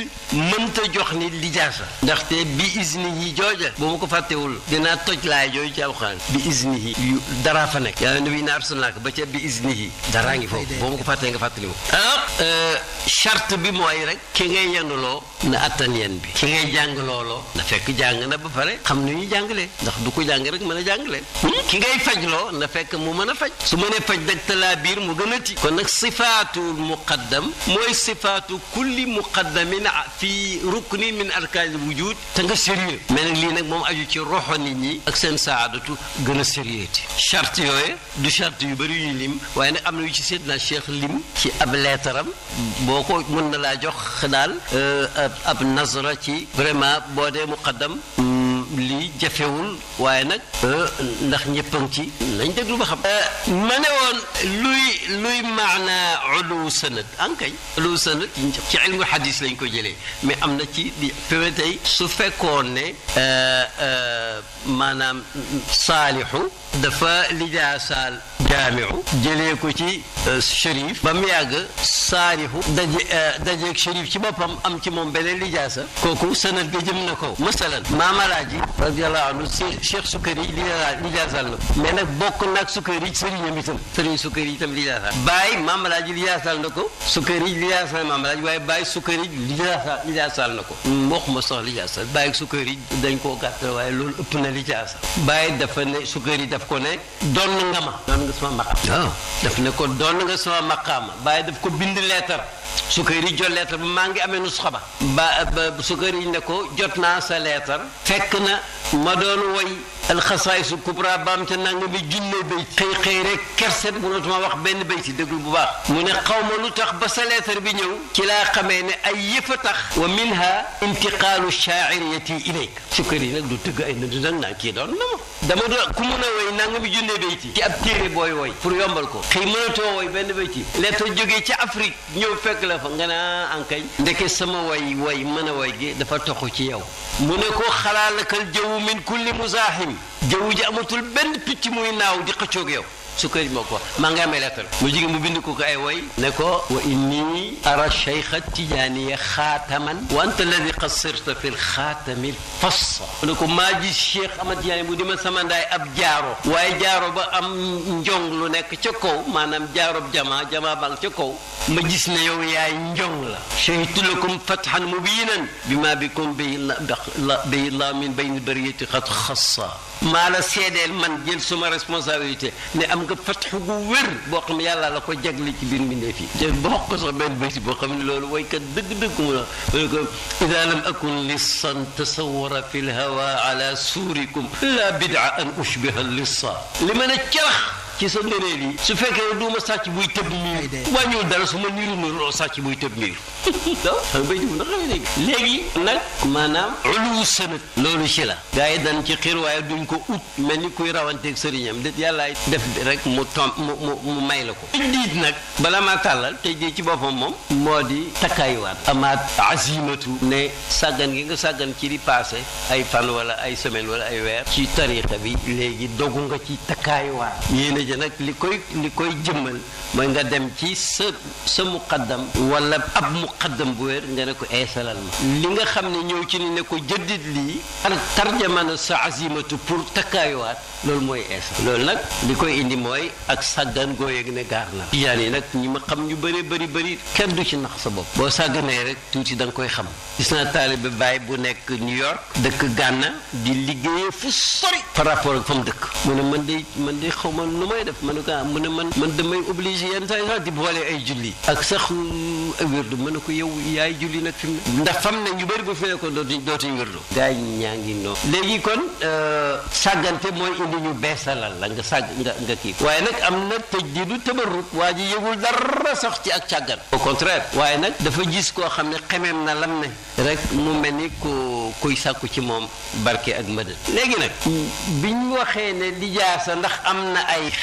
mënta jox ni lijaasa ndaxte bi isni yi jooja boo ma ko fàttewul dinaa toj laay jooju ci alxuraan bi isni yi yu daraa fa nekk yaa nabi na arsalnaaka ba ca bi isni yi daraa ngi foofu boo ma ko fàttee nga fàttali ma alors euh, charte bi mooy rek ki ngay yenduloo na attan yen bi ki ngay jàng looloo na fekk jàng na ba pare xam ni ñuy jàngalee ndax du ko jàng rek mën a jàngalee hmm? na fekk mu mën a faj su mënee faj nag talaabiir mu gën a ti kon nag sifaatul muqaddam mooy sifaatu kulli muqaddamin fi rukni min arkaanil wujud te nga sérieux mais nag lii nag moom aju ci roxo nit ñi ak seen saadatu gën a sérieux ti charte du charte yu bëri yu lim waaye nag am na yu ci seet naa cheikh lim ci ab leetaram boo ko mën na laa jox daal euh, ab nazra ci vraiment boo dee muqaddam lii jafewul waaye nag euh, ndax ñëpp a ngi ci nañ déglu ba xam euh, ma ne woon luy luy maana ulu sanad ankay ah, ulu sanad ci ilmu xadis lañ ko jëlee mais am na ci di fewe tey su fekkoon ne euh, maanaam saalixu dafa lijaasaal jaamiu jëlee ko ci shérif euh, ba mu yàgg saarihu daje euh, dajeeg shérif ci boppam am ci moom beneen lijaasa kooku sanad ga jëm na ko masalan maamalaaji radiallahu anhu cheikh sukkari lijaasal na mais nag bokk nag sukkari sëriñam itam sëriñ sukkari itam lijaasal bàyyi maamalaaji lijaasal na ko sukkari lijaasal maamalaaji waaye bàyyi sukkari lijaasal lijaasal na ko mm, wax ma sax lijaasal bàyyi sukkari dañ koo gàttal waaye loolu ëpp na lijaasa bàyyi dafa ne sukkari daf ko ne doon nga ma sama maqaama waaw daf ne ko doon nga sama maqaama bàyyi daf ko bind leetar Sukayri jot leetar ba maa ngi amee nusxa ba ba Sukayri ne ko jot naa sa fekk na ma doon woy alxasaayisu kubra baam te nanga mi junne béy xëy xëy rek kerset mënatuma wax benn béyti déglu bu baax mu ne xaw ma lu tax ba sa leetar bi ñëw ci laa xamee ne ay yëf a tax wa minha intiqaalu shaa'iriyati ilayka Sukayri nag du tëgg ay na du nag naa kii dama doon ku mën a woy nangami junne béyti ci ab téere booy woy pour yombal ko xëy mënatoo woy benn béyti lettre jógee ci Afrique ñëw fekk la fa nga naa ankay ndeke sama woy woy mën a woy gi dafa toxu ci yow mu ne ko xalaalakal jaww min kulli musaaxim jaww ji amatul benn picc muy naaw di xëccoog yow sukkari moo ko maa ngi amee lettre mu jigéen mu bind ko ko ay woy ne ko wa inni ara cheikha tijaaniya xaataman wa anta alladi qasirta fi lxaatamil fassa mu ne ko maa gis cheikh ama tijaani bu di ma sama ndaay ab jaaro waaye jaaro ba am njong lu nekk ca kaw maanaam jaarob jama jama bang ca kaw ma gis ne yow yaay njong la shahidtu lakum fathan mubinan bima bikum bi la bi la min bayni bariyati xat xassa maa la seedeel man jël suma responsabilité ne am am nga fatxu gu wér boo xam ne yàlla la ko jagle ci biir mbindeef yi te bokk sax benn béy si boo xam ne loolu waykat dëgg-dëgg mu na ne ko ida lam akun lissan tasawara fi lhawa ala suurikum la bidaa an ushbiha lissa li mën a carax ci sa ngëneel yi su fekkee duuma sàcc buy tëb miir wàññiwul dara su ma niiru niiruloo sàcc buy tëb miir donc xam bay jub ndax léegi nag maanaam uluwu sënat loolu ci la gars yi dan ci xiir waaye duñ ko ut mel ni kuy rawanteeg sëriñam de yàllaay def rek mu tom mu mu may la ko diit nag balaa maa tàllal te ji ci boppam moom moo di takkaayuwaat amaat azimatu ne sàggan gi nga sàggan ci di passé ay fan wala ay semaine wala ay weer ci tariqa bi léegi dogu nga ci takkaayuwaat jooju nag li koy li koy jëmmal mooy nga dem ci sa sa muqaddam wala ab muqaddam bu wér nga ne ko eesalal ma li nga xam ne ñëw ci ni ne ko jëddit lii ar tarjamana sa azimatu pour takkaayuwaat loolu mooy eesal loolu nag li koy indi mooy ak sàggan goo yëg ne gaar na tijaan yi nag ñi ma xam ñu bëree bëri bëri kenn du ci nax sa bopp boo sàgganee rek tuuti da nga koy xam gis naa taalibe baay bu nekk New York dëkk Ghana di liggéeyee fu sori par rapport ak booy def ma ne ko ah mu ne man man damay obligé yenn ay sax euh, wérdu ma ne ko yow yaay julli nag fi mu ne ndax fam ne ñu bëri bu fi nekkoon dootuñ dootuñ wérdu gaa yi ñaa ngi noonu léegi kon euh, sàggante mooy indi ñu beesalal la nga sàgg nga nga kii waaye nag am na tëj di du tëbarut waa ji yëgul dara sax ci ak càggan au contraire waaye nag dafa gis koo xam ne xemeem na lam ne rek mu mel ni ko kuy sàkku ci moom barke ak mbëdël léegi nag biñ waxee ne lijaasa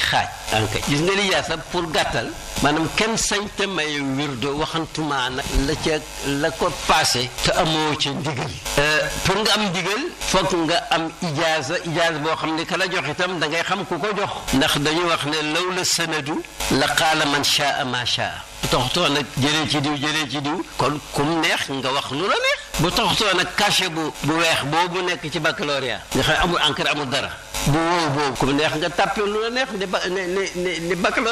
xaaj enquête gis nga lijaasa pour gàttal maanaam kenn sañ te may wirdo waxantumaa nag la ca la ko passé te amoo ca ndigal euh, pour nga am ndigal foog nga am ijaasa ijaasa boo xam ne ka la jox itam da ngay xam ku ko jox ndax dañu wax ne law la sanadu la qaala man shaa ma shaa toxtoo nag jëlee ci diw jëlee ci neex nga wax nu la neex bu toxtoo nag cachet bu bu weex boobu nekk ci baccalauréat nga xam ne amul encre amul dara bu wow boobu kum neex nga tàppe lu la neex ne ba ne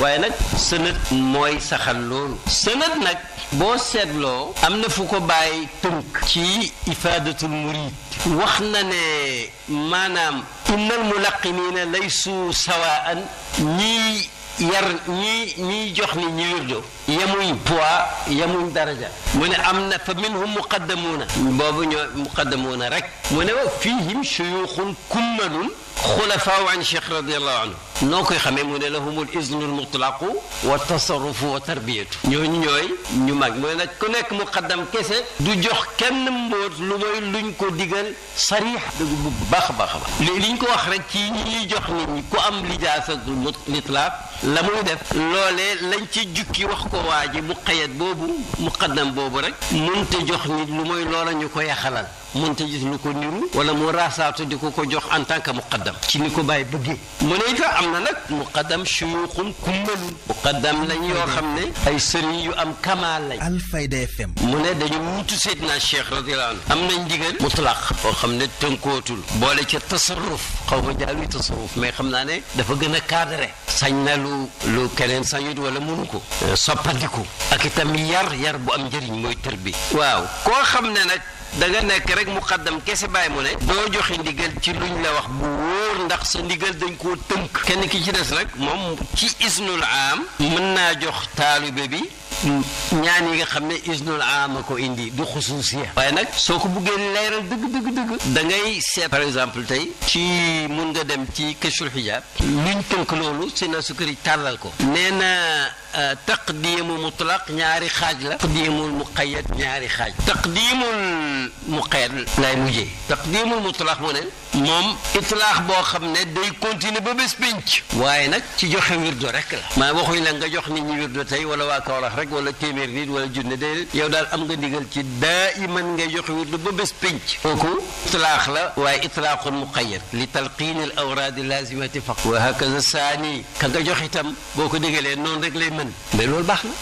waaye nag sënët mooy saxal loolu sënët nag boo seetloo am na fu ko bàyyi tënk ci ifaadatul murid wax na nee maanaam innal mulaqiniina laysu sawaan ñii yar ñi ñiy jox ni ñi wirdo yemuñ poids yemuñ daraja mu ne am na fa minhum muqaddamuuna boobu ñoo muqaddamuuna rek mu ne wa fihim shuyuxun kummalun xulafaaw an cheikh radiallahu anhu noo koy xamee mu ne lahumul iznul mutlaqu wa tasarufu wa tarbiyatu ñooñu ñooy ñu mag mooy nag ku nekk muqaddam kese du jox kenn mbóot lu mooy luñ ko digal sarix dëgg bu baax a baax a baax ñu ko wax rek ci ñuy jox nit ñi ku am lijaasa litlaaq la muy def loole lañ ci jukki wax ko waa ji muqayat boobu muqaddam boobu rek mënta jox nit lu mooy loola ñu ko yaxalal mënta gis lu ko niru wala mu raasaatu di ko ko jox en tant que muqaddam ci ni ko bàyyi bëggee mu ne itam am na nag muqaddam suyuuxun kummalun muqaddam lañ yoo xam ne ay sëriñ yu am kamaal lañ Alfayda FM mu ne dañu muutu Seydina Cheikh radiyallahu anhu am nañ ndigal mutlaq boo xam ne tënkootul boole ca tasarruf xaw ma jaaluy tasarruf mais xam naa ne dafa gën a cadré sañ na lu lu keneen sañut wala mënu ko soppandiku ak itam yar yar bu am njëriñ mooy tër bi waaw xam ne nag da nga nekk rek muqaddam kese bàyyi mu ne doo joxe ndigal ci luñ la wax bu wóor ndax sa ndigal dañ koo tënk kenn ki ci des nag moom ci isnul am mën naa jox taalibe bi ñaan yi nga xam ne isnul aama ko indi du xusuusiya waaye nag soo ko buggee leeral dëgg dëgg dëgg da ngay seet par exemple tey ci mun nga dem ci kashful xijaab luñ tënk loolu si na sukkari tàllal ko nee taqdiimu mutlaq ñaari xaaj la taqdiimul muqayyad ñaari xaaj taqdiimul muqayyad lay mujjee taqdiimul mutlaq mu ne moom itlaax boo xam ne day continuer ba bés pénc waaye nag ci joxe wirdo rek la maa waxuñ la nga jox nit ñi wirdo tey wala waa Kaolack rek wala téeméer nit wala junne day yow daal am nga ndigal ci daa iman ngay joxe wirdo ba bés pénc kooku itlaax la waaye itlaaqul muqayyad li talqiin al awraad al laazimati faq wa hakaza saani ka nga jox itam boo ko digalee noonu rek lay mën mais loolu baax na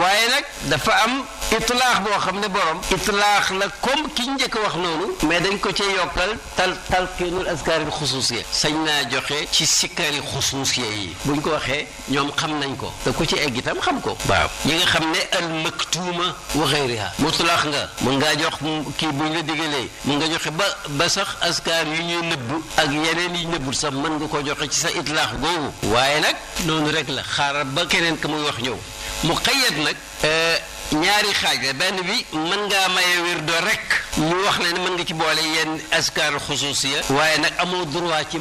waaye nag dafa am itlaax boo xam ne borom itlaax la comme ki njëkk wax noonu mais dañ ko ci yokkal tal talqiinul askaari xusuusiya sañ naa joxe ci sikkari xusuusiya yi buñ ko waxee ñoom xam nañ ko te ko ci egg itam xam ko waaw ñi nga xam ne al maktuuma wa xayriha mutlaax nga mën ngaa jox kii buñ la digalee mën nga joxe ba ba sax askaar yu ñuy nëbb ak yeneen yi nëbbul sax mën nga ko joxe ci sa itlaax googu keneen ka muy wax ñëw mu xëyat nag euh, ñaari xaaj benn bi mën ngaa maye wirdo rek mu wax leen mën nga ci boole yenn askar xususiya waaye nag amoo droit ci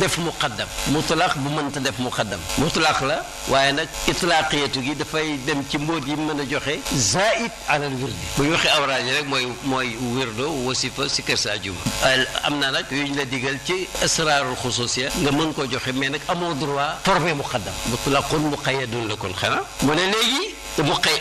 def muqaddam mu bu mënta def muqaddam mutlaq la waaye nag itlaqiyatu gi dafay dem ci mbóot yi mën a joxe zaid alal wirdi bu ñu waxee awraaj rek mooy mooy wirdo wasifa si kër sa ajuma am na nag yu ñu la digal ci asraarul xususiya nga mën koo joxe mais nag amoo droit forme muqaddam mutlaqun muqayyadun la kon xanaa mu ne léegi mu xëy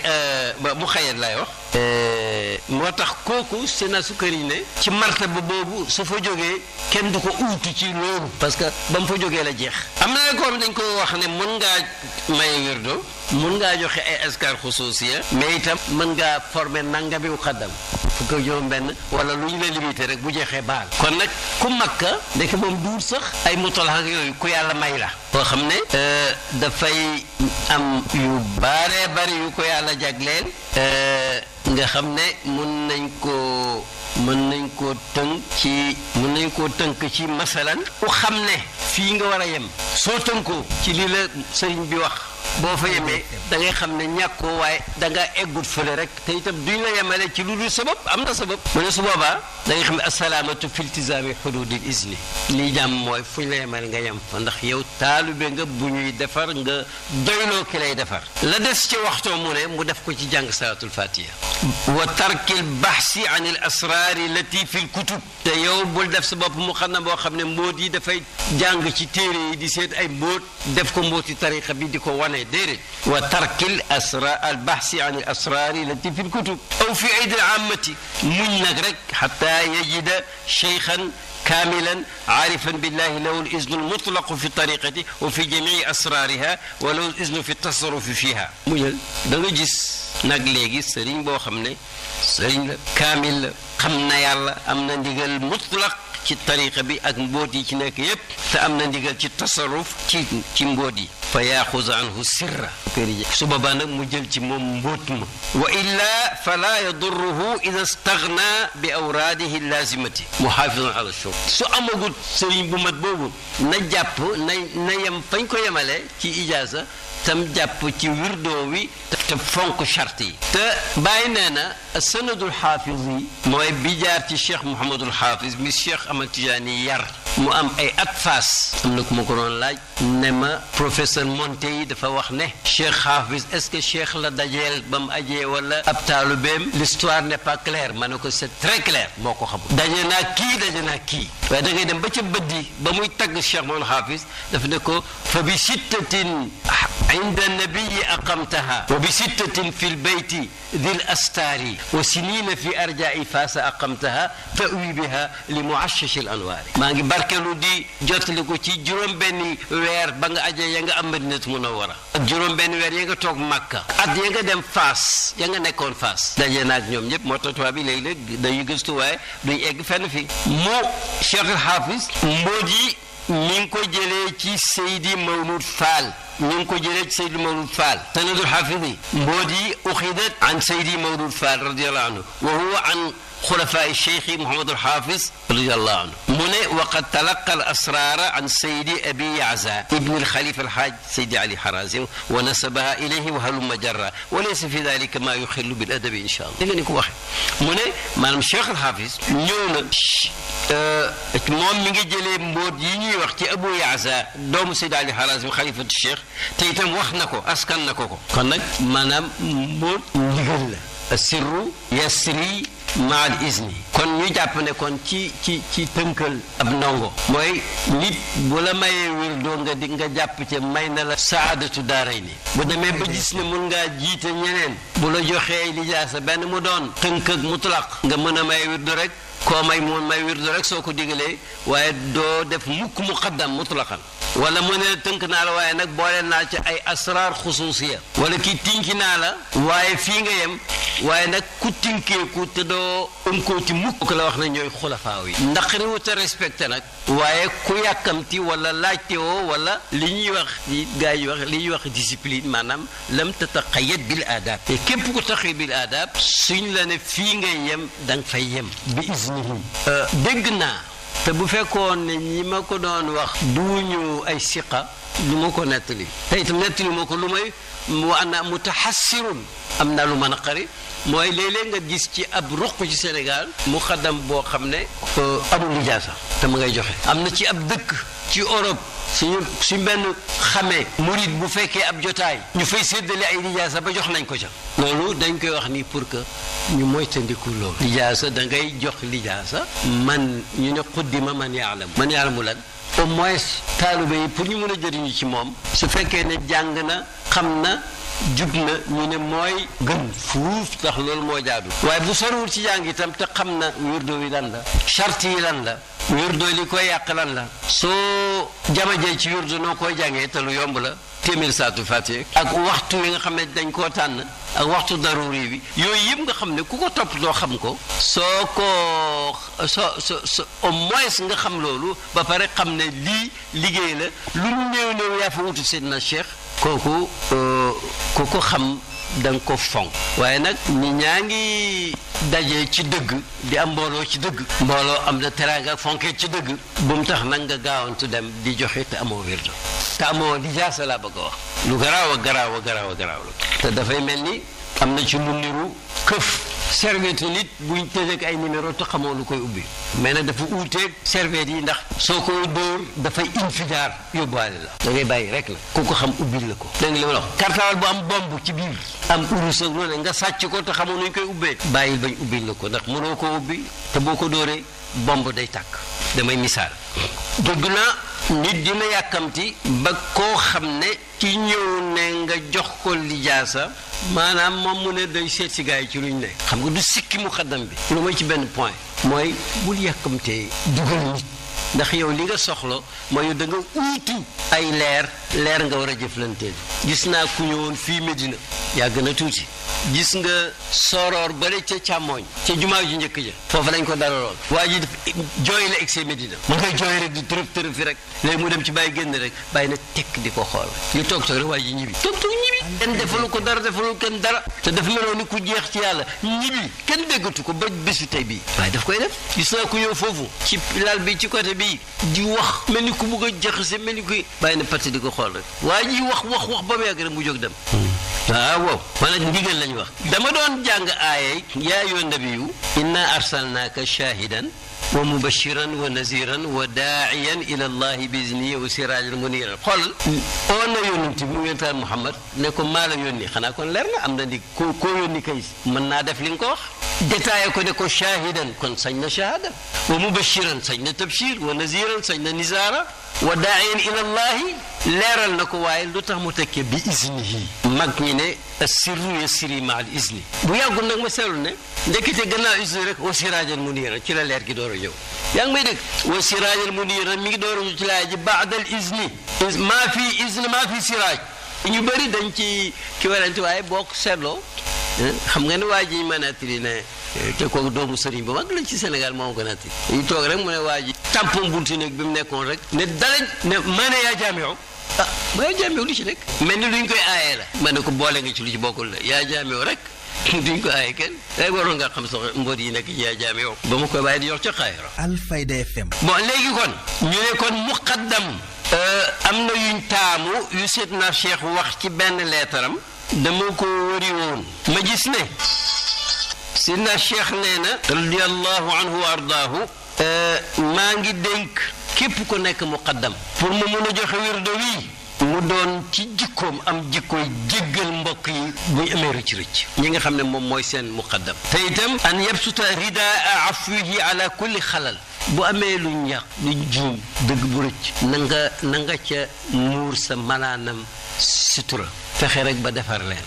mu euh, xëyeen lay wax Euh, moo tax kooku sena sukkari ne ci martaba boobu su fa jógee kenn du ko uutu ci loolu parce que ba mu fa jógee la jeex am na ne ko xam dañ ko wax ne mën ngaa maye wirdo mën ngaa joxe ay askar xusuusiya mais itam mën ngaa former nangami muqaddam fukk ak juróom benn wala lu la limité rek bu jeexee baal kon nag ku makka ndeke moom duur sax ay mutalax yooyu ku yàlla may la boo xam ne euh, dafay am yu baaree bari yu ko yàlla jagleel euh, nga xam ne mën nañ koo mën nañ koo tënk ci mën nañ koo tënk ci masalan ku xam ne fii nga war a yem soo tënkoo ci lii la sëriñ bi wax boo fa yemee da ngay xam ne ñàkkoo waaye da nga eggut fële rek te itam duñ la yemale ci lu dul sabab am na sabab mu ne su boobaa da ngay xam ne asalaamatu fi iltisaami xududil isni lii jàmm mooy fuñ la yemale nga yem fa ndax yow taalibe nga bu ñuy defar nga doyloo ki lay defar la des ci waxtoo mu ne mu def ko ci jàng salaatul fatiha wa tarkil baxsi an il asraari lati fi l kutub te yow bul def sa bopp mu xam na boo xam ne mbóot yi dafay jàng ci téere yi di seet ay mbóot def ko mbóoti tariqa bi di ko wane waaye déedéet wa tarkil asra al bahsi an al asrar allati fi al kutub aw fi aidi al ammati muñ nag rek xata yajida cheikhan كاملا عارفا بالله له الاذن المطلق في طريقته وفي جميع اسرارها وله الاذن في التصرف فيها mujël da nga gis nag léegi sëriñ boo xam ne sëriñ la kaamil la xam na yàlla am na ndigal mutlaq ci tariqa bi ak mbóot yi ci nekk yépp te am na ndigal ci tasarruf ci ci mbóot yi fa yaaxuz anhu sirra suba boobaa mu jël ci moom mbóot ma wa illaa falaa yadurruhu ida staxna bi awraadihi laazimati muhaafizun ala shurut su amagut sëriñ bu mat boobu na jàpp na na yem ko yemale ci ijaaza tam jàpp ci wirdoo wi te fonk charte yi te bàyyi nee na sanadul xaafis mooy bi jaar ci cheikh Mouhamadul Xaafis mi cheikh Ahmad Tijaani yar mu am ay at faas am na ku ma ko doon laaj ne ma professeur Monté dafa wax ne cheikh xaafis est-ce que cheikh la dajeel ba mu ajee wala ab talu bem l'histoire n'est pas claire ma ne ko c'est très clair moo ko xamul daje naa kii daje naa kii waaye da ngay dem ba ba muy tagg cheikh Mouhamadul daf ne ko bi sittatin inda nabiyi aqamtaha wa bi sittatin fi lbeyti di lastaari wa sinina fi arjai faasa aqamtaha tawi biha li muashashi l anwaari maa ngi barkelu di jottali ko ci juróom benn weer ba nga aje ya nga am madinatu munawara ak juróom benn weer ya nga toog màkka at ya nga dem faas ya nga nekkoon faas daje naag ñoom ñëpp moo tax tubaab bi léeg-léeg dañuy gëstu waaye duñ egg fenn fi mu cheikh al hafiz mbóot yi ñi ngi ko jëlee ci Seydi Mawlud Fall ñi ngi ko jëlee ci Seydi Mawlud Fall sanadul xaafidi mboot yi uxidat an Seydi Mawlud Fall radiyallahu anhu wa huwa an xulafaay cheikh yi Mouhamadul Xaafis radiyallahu anhu mu ne waqad talaqa al asraara an saydi abi yaasa ibni alxalifa alxaaj saydi ali xarasim wa nasabaha ilayhi wa halumma jarra wa laysa fi dalika maa yuxillu bil adabi incha allah dégg nga ni ko waxee mu ne maanaam cheikh alxaafis ñëw na euh, moom mi ngi jëlee mbóot yi ñuy wax ci abu yaasa doomu saydi ali xarasim xalifatu cheikh te itam wax na ko askan na ko ko kon nag maanaam mbóot ndigal la sirru yasri maal isni kon ñu jàpp ne kon ci ci ci tënkal ab ndongo mooy nit bu la mayee wér nga di nga jàpp ci may na la saadatu daaray ni bu demee ba gis ne mun ngaa jiite ñeneen bu la joxee sa benn mu doon tënk ak mutlaq nga mën a may wér du koo may mu may wirdu rek soo ko digalee waaye doo def mukk muqaddam mutlaqan wala mu ne tënk naa la waaye nag boole naa ci ay asraar xusuusiya wala kii tinki naa la waaye fii nga yem waaye nag ku tinkeeku te doo ënkoo ci mukk la wax na ñooy xulafaaw yi ndax réwut a respecté nag waaye ku yàkkamti wala laajte woo wala lii ñuy wax di yi wax li ñuy wax discipline maanaam lam tataqayyad bil aadab te képp ku taxi bil aadab suñ la ne fii ngay yem da nga fay yem Euh, dégg naa te bu fekkoon ne ñi ma ko doon wax duñu ay siqa lu ma ko nettali te itam nettali ma ko lu may mu ana mutaxassirun am na lu mën a xari mooy léeg nga gis ci ab ruq ci Sénégal mu xaddam boo xam ne euh, amul lijaasa te ma ngay joxe am na ci ab dëkk ci Europe suñu suñ benn xamee murid bu fekkee ab jotaay ñu fay séddale ay lijaasa ba jox nañ ko ca loolu dañ koy wax nii pour que ñu moytandiku loolu lijaasa da ngay jox lijaasa man ñu ne xuddima man yaalamu man yaalamu lan au moins taalibe yi pour ñu mën a jëriñu ci moom su fekkee ne jàng na xam na jub na ñu ne mooy gën fuuf ndax loolu moo jaadu waaye bu soriwul ci jàng itam te xam na wirdo yi lan la charte yi lan la wirdo li koy yàq lan la soo jamajee ci wirdo noo koy jàngee te lu yomb la téeméer saatu fatiha ak waxtu wi nga xam ne dañ koo tànn ak waxtu daruri bi yooyu yëpp nga xam ne ku ko topp toppatoo xam ko soo ko so so so au nga xam loolu ba pare xam ne lii liggéey la lu mu néew néew yaa fa wutu Seydina Cheikh kooku euh, ku ko xam da ko fonk waaye nag ñi ñaa ngi daje ci dëgg di am mbooloo ci dëgg mbooloo am na teraanga fonkee ci dëgg bu mu tax nag nga gaawantu dem di joxe te amoo wér te amoo lijaasa laa bëgg a wax lu garaaw a garaaw a a garaaw la te dafay mel ni am na ci lu niru këf serviette nit buñ tëjee ay numéro te xamoo lu koy ubbi mais nag dafa uuteeg serviette yi ndax soo koy dóor dafay infijaar yóbbuwaale la da ngay bàyyi rek la ku ko xam ubbil la ko dégg nga li wax kartawal bu am bomb ci biir am urus ak nga sàcc ko te xamoon nuñ koy ubbee bàyyi bañ ubbil la ko ndax mënoo ko ubbi te boo ko dóoree bomb day tàkk damay misaal bëgg naa nit dina yàkkamti ba koo xam ne ci ñëw ne nga jox ko lijaasa maanaam moom mu ne day seet si gars yi ci luñ ne xam nga du sikki mu xaddam bi lu may ci benn point mooy bul yàkkamtee dugal nit ndax yow li nga soxla mooy da nga uutu ay leer leer nga war a jëflanteel gis naa ku woon fii Medina yàgg na tuuti gis nga soroor bale ca càmmooñ ca jumaa ju njëkk ja foofu lañ ko dalaloon waa ji jooy la egsi Medina mu koy jooy rek di mu dem ci bàyyi génn rek bàyyi na tekk di ko xool ñu toog toog rek waa ji ñibbi toog toog ñibbi kenn defalu ko dara defalu kenn dara te dafa meloon ni ku jeex ci yàlla ñibbi kenn déggatu ko ba bésu tey bii waaye daf koy def gis naa ku ñëw foofu ci lal bi ci côté télé bi di wax mel ni ku bugg a jaxase mel ni kuy bàyyi na parti di ko xool rek waaye ji wax wax wax ba mu yàgg rek mu jóg dem hmm. ah, waaw wow maanaam ndigal lañu wax dama doon jàng aayay yaa yoo nabiyu inna arsalnaaka shaahidan wa mubashiran wa naziran wa daa'iyan ila allahi bi iznihi wa siraajan muniiran xoolal oo na yónnante bi mu yontaan Muhammad ne ko maa la yónni xanaa kon leer na am na ni ko koo yónni kay mën naa def li nga ko wax détaillé ko ne ko shahidan kon sañ na shahada wa mubashiran sañ na tabshir wa naziran sañ na nizaara wa daa'iyan ila allahi leeral na ko waaye lu tax mu tekkee bi isnihi mag ñi ne assirru yasri ma al isni bu yàggul nag ma seetlu ne ndekkite gannaaw isni rek wa siraajan muniira ci la leer door a ñëw yaa ngi may dégg wa siraajan muniira mi ngi door a ñu ci laay ji baada al isni maa fi isni maa fi siraaj ñu bëri dañ ci ki werante waaye boo ko seetloo xam nga ne waa ji ma nattali ne te kooku doomu sëriñ bu mag la ci Sénégal moo ko nattali ñu toog rek mu ne waa ji tàmpam bunti nekk bi mu nekkoon rek ne dalaj ne maane yaa jaamiu ah ma yaa jaamiu lu ci nekk mel ni luñ koy aayee la ma ne ko boolee nga ci lu ci bokkul la yaa jaamiu rek duñ ko aaye kenn day waroon nga xam sax mbóot yi nekk yaa jaamiu ba ma koy bàyyi di jox ca Xaayra Alfayda FM bon léegi kon ñu ne kon muqaddam euh, am na yuñ taamu yu seet na Cheikh wax ci benn leetaram dama ko wëri woon ma gis ne sidna cheikh nee radiallahu anhu wa ardaahu euh, maa ngi dénk képp ku nekk muqaddam pour mu mun a joxe wirdo mu doon ci jikkoom am jikkooy jéggal mbokk yi buñ amee rëcc rëcc ñi nga xam ne moom mooy seen muqaddam te itam an yabsuta ridaa afwihi ala kulli xalal bu amee lu ñàq lu juum dëgg bu rëcc na nga na nga ca muur sa malaanam sutura fexe rek ba defar leen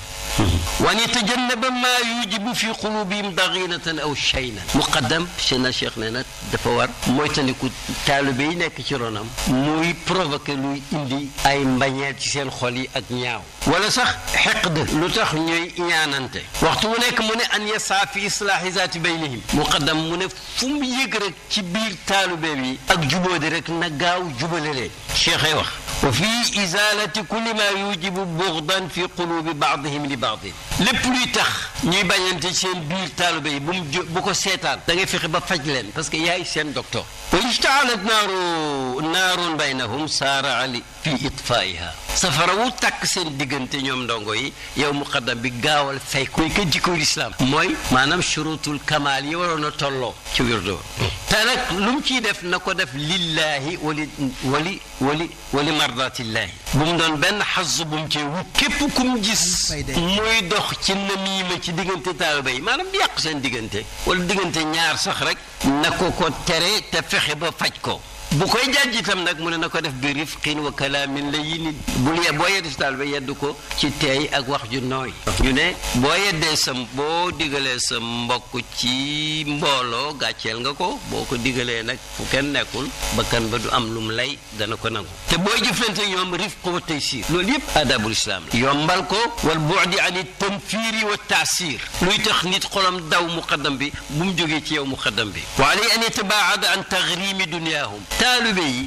وأن يتجنب ما يوجب في قلوبهم ضغينة أو شينا مقدم سيدنا Cheikh nee na dafa war moytandiku taalibe yi nekk ci ronam muy provoqué luy indi ay mbañeel ci seen xol yi ak ñaaw wala sax xeqd lu tax ñuy ñaanante waxtu wu nekk mu ne an yasaa fi islaahi zaati baynihim muqaddam mu ne fu mu yëg rek ci biir taalibe bi ak jubóode rek na gaaw jubale leen Cheikh ay wax wa fi izalati kulli ma yujibu bughdan fi qulubi ba'dihim li ba'din lépp luy tax ñuy bañante seen biir taaliba yi bu mu jo bu ko seetaan da ngay fexe ba faj leen parce que yaay seen docteur wa ishtaalat naaru naarun baynahum saara ali fi itfaiha safara wu takk seen diggante ñoom ndongo yi yow muqaddam bi gaawal fay ko ka jikkoy lislaam mooy maanaam shurutul kamaal yi waroon a tolloo ci wirdo te nag lu mu ciy def na ko def lillaahi wali wali wali wali mardatillahi bu mu doon benn xas bu mu cee wut képp ku mu gis muy dox ci namiima ci diggante taaliba yi maanaam di yàq seen diggante wala diggante ñaar sax rek na ko ko tere te fexe ba faj ko bu koy jàjj itam nag mu ne na ko def bi rifqin wa kalaamin la yinin bul ye boo yeddu si taal ba yeddu ko ci teey ak wax ju nooy ñu ne boo yeddee sa boo digalee sa mbokk ci mbooloo gàcceel nga ko boo ko digalee nag fu kenn nekkul bakkan ba du am lu mu lay dana ko nangu te booy jëflante ñoom rifq wa taysir loolu yëpp adabul islaam la yombal ko wal bu'di ani tanfiri wa taasir luy tax nit xolam daw mu muqaddam bi bu mu jógee ci yow muqaddam bi wa alay an yatabaad an tagrimi dunyahum taalibe yi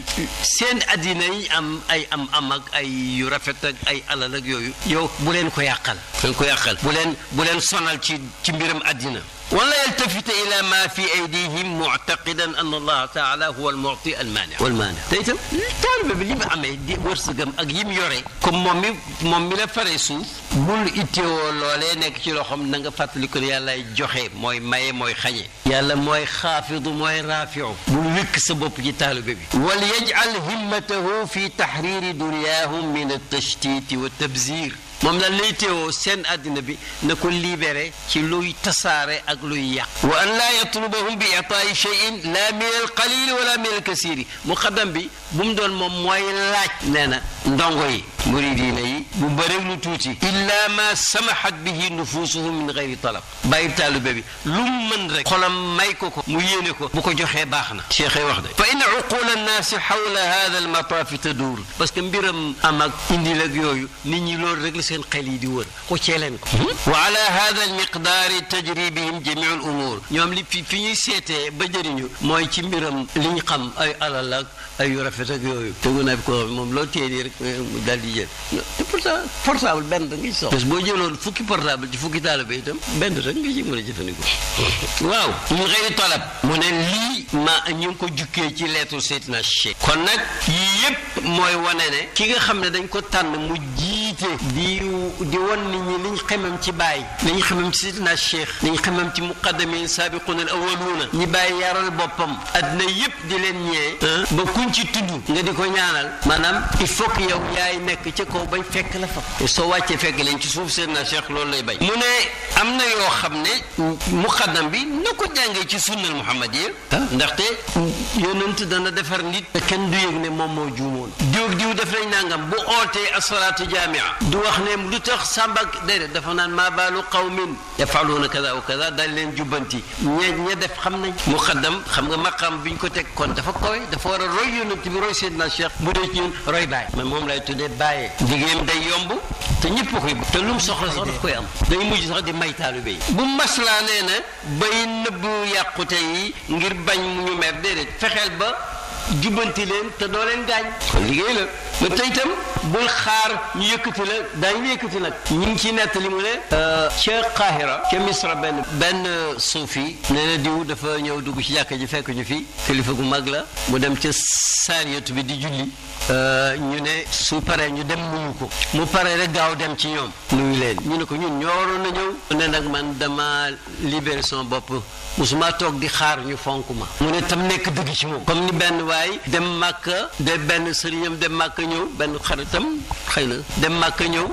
seen addina yi am ay am am ak ay yu rafet ak ay alal ak yooyu yow bu leen ko yàqal bu leen ko yàqal bu leen bu leen sonal ci ci mbiram addina ولا يلتفت إلى ما في أيديهم معتقدا أن الله تعالى هو المعطي المانع والمانع te itam taalibe bi li mu amee di wërsëgam ak yim yore comme moom mi moom mi la fare suuf bul ittewoo loolee nekk ci loxoom na nga fàttali ko yàllaay joxe mooy maye mooy xañe yàlla mooy xaafidu mooy raafiu bul wékk sa bopp ci taalibe bi wal yaj'al himmatahu fi tahriri dunyahum min at-tashtiti wa tabzir moom daal lay teewoo seen àddina bi na ko libéré ci luy tasaare ak luy yàq wa an laa yatlubahum bi itaayi cheyin la min al qalili wala min al kasiri muqaddam bi bu doon moom mooy laaj nee na ndongo yi muridiina yi bu bëreeg lu tuuti illaa ma samahat bi nufusuhum min gayri talab bàyyi taalube bi lu mu mën rek xolam may ko ko mu yéene ko bu ko joxee baax na cheikh wax de fa in uqula annaasi xawla hada almataafi taduur parce que mbiram am ak indil yooyu nit ñi loolu rek la seen xel yi di wër ko cee leen ko wa ala hada almiqdaari tajri bihim ñoom li fi fi seetee ba jëriñu mooy ci mbiram liñ xam ay alal ay yu fet ak yooyu tegu naa fi koo loo téye nii rek daal di jël te pourtant benn rek nga boo jëloon fukki portable ci fukki taalibe itam benn rek nga ci mën a jëfandikoo waaw mun xëy tolab ne lii ma ñu ngi ko jukkee ci leetu Seydina Cheikh kon nag yii mooy wane ki nga xam ne dañ ko tànn mu jiite di di won nit ñi liñ xemam ci bàyyi liñ xemam ci Seydina Cheikh liñ xemam ci muqaddamin saabiqun al awaluuna ñi bàyyi yaral boppam àddina yépp di leen ñee ba ci tudd nga di ko ñaanal maanaam il faut que yow yaay nekk ca kaw bañ fekk la fa soo wàccee fekk leen ci suuf seen na seex loolu lay bañ mu ne am na yoo xam ne mu muqaddam bi na ko jàngee ci sunnal muhammad yi ah. ndaxte yonent dana defar nit kenn du yëg ne moom moo juumoon diw ak diw def nangam bu ootee asalaatu jaamia du wax ne lu tax sàmbak déedéet dafa naan maa baalu qawmin yafaluuna kada wa kada dañ leen jubbanti ñe ñe def xam nañ mu muqaddam xam nga maqam bi ñu ko teg kon dafa koy dafa war a roy yonent bi ku roy Seydina Cheikh bu dee ci ñun roy Baye mais moom lay tuddee Baye liggéeyam day yomb te ñëpp koy te lu mu soxla sax daf koy am day mujj sax di may taalibe yi bu maslaa nee na bay nëbbu yàqute yi ngir bañ mu ñu mer déedéet fexeel ba jubbanti leen te doo leen gaañ kon liggéey la ba tey itam bul xaar ñu yëkkati la daañu la yëkkati nag ñu ngi ci nett li mu ne euh, ca Qahira ca Misra benn benn suufi nee diw dafa ñëw dugg ci jàkka ji fekk ñu kilifa gu mag la mu dem ca saariyatu bi di julli euh, ñu ne su paree ñu dem nuyu ko mu pare rek gaaw dem ci ñoom nuyu leen ñu ne ko ñun ñoo waroon na ñëw mu ne nag man dama libéré son bopp musuma toog di xaar ñu fonk ma mu ne tam nekk dëgg ci moom comme ni benn waay Baay dem Màkka de benn sëriñam dem Màkka ñëw benn xaritam xëy na dem Màkka ñëw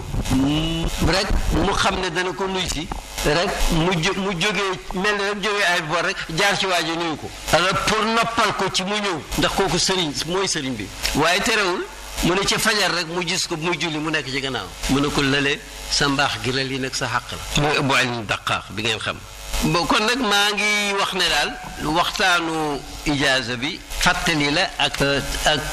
rek mu xam ne dana ko nuy si rek mu jó mu jógee mel ne rek jógee ay bor rek jaar ci waajo nuyu ko alors pour noppal ko ci mu ñëw ndax kooku sëriñ mooy sëriñ bi waaye terewul mu ne ci fajar rek mu gis ko mu julli mu nekk ci gannaaw mu ne ko lële sa mbaax gi la lii nag sa xàq la mooy Abu Ali Daqaax bi ngeen xam ba kon nag maa ngi wax ne daal waxtaanu ijaaza bi fàttali la ak ak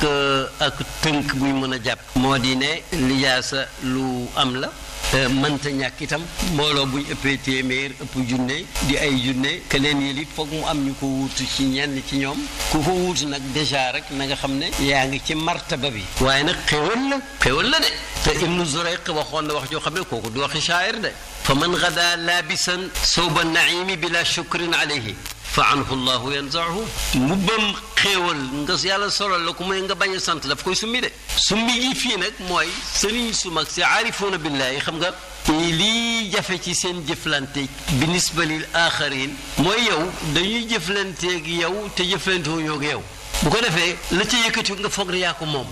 ak tënk buy mën a jàpp moo di ne lijaasa lu am la mënta ñàkk itam mbooloo buñ ëppee téeméer ëpp junne di ay junne ke leen yëlit foog mu am ñu ko wuutu ci ñenn ci ñoom ku ko nag dèjà rek na nga xam ne yaa ngi ci martaba bi waaye nag xéwal la xéwal la de te Ibnu Zurayq waxoon na wax joo xam ne ko kooku du waxi shaayir de fa man gada laabisan sawba naimi bila shukrin alayhi fa anhu llahu yanzahu mbubbam xéewal nga yàlla solal la ku may nga bañ a sant daf koy summi de summi ji fii nag mooy sëriñ su mag si aarifuuna billaahi xam nga lii jafe ci seen jëflante bi nisbalil aaxarin mooy yow dañuy jëflanteeg yow te jëflantewuñoo ak yow bu ko defee la ca yëkkati nga foog ne yaa ko moom.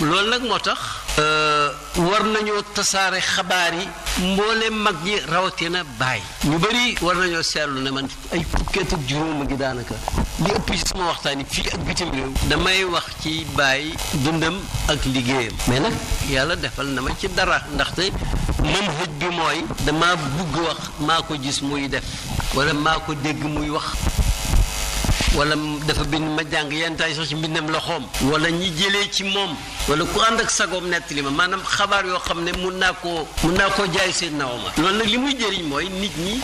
loolu nag moo tax. Euh, war nañoo tasaare xabaar yi mbooleem mag ñi rawatina bàyyi ñu bëri war nañoo seetlu ne man ay fukkeet ak juróom gi daanaka li ëpp ci sama waxtaan yi fii ak bitim réew damay wax ci bàyyi dundam ak liggéeyam mais nag yàlla defal na ma ci dara ndaxte mën hëj bi mooy dama bugg wax maa ko gis muy def wala maa ko dégg muy wax wala dafa bind ma jàng yenn taay sax ci mbindam loxoom wala ñi jëlee ci moom wala ku ànd ak sagoom nettali ma maanaam xabaar yoo xam ne mun naa koo mun naa koo jaay seen naw ma loolu nag li muy jëriñ mooy nit ñi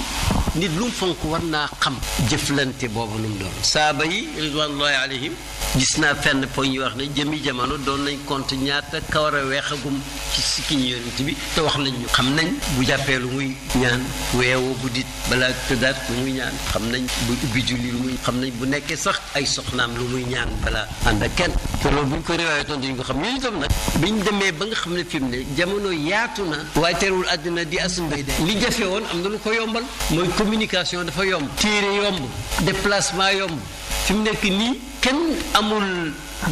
nit lu mu fonk war naa xam jëflante boobu nu mu doon saaba yi ridwanullahi alayhim gis naa fenn po ñuy wax ne jëmi jamono doon nañ compte ñaata kawar a weexagum ci sikkiñu yonent bi te wax nañ ñu xam nañ bu jàppee lu muy ñaan weewu bu dit balaa tëddaat lu muy ñaan xam nañ bu ubbi julli lu muy xam nañ bu nekkee sax ay soxnaam lu muy ñaan balaa ànd ak kenn te loolu bu ñu ko riwaayee toon dañu ko xam ñu itam nag biñ demee ba nga xam ne fi ne jamono yaatu na waaye teewul àddina di asum li communication dafa yomb. téere yomb déplacement yomb. fi mu nekk nii kenn amul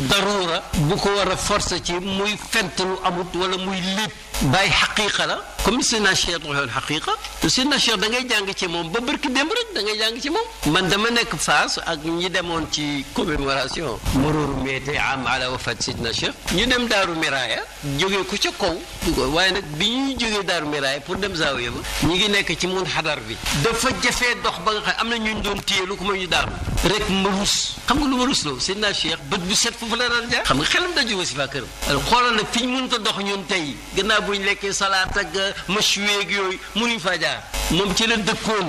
daruura bu ko war a forcer ci muy fent lu amut wala muy lépp bàyyi xaqiiqa la comme Seydina Cheikh waxoon xaqiiqa Seydina Cheikh da ngay jàng ci moom ba barki démb rek da ngay jàng ci moom man dama nekk Fass ak ñi demoon ci commémoration mororu meete am ala wafat Seydina Cheikh ñu dem Daaru Miraaya jógee ko ca kaw waaye nag bi ñuy jógee Daaru Miraaya pour dem zaawiya ba ñu ngi nekk ci mun xadar bi dafa jafee dox ba nga xam am na ñu doon téye lu ko ma ñu daaru rek rus xam nga lu ma rusloo sëñ naa Cheikh bët bu set foofu la daan jaar xam nga xelam da jóge si faa këram xoolal nag fi ñu mënut a dox ñun tey gannaaw bu ñu lekkee salaat ak euh, machuweeg yooyu mënuñ faa jaar moom ci la dëkkoon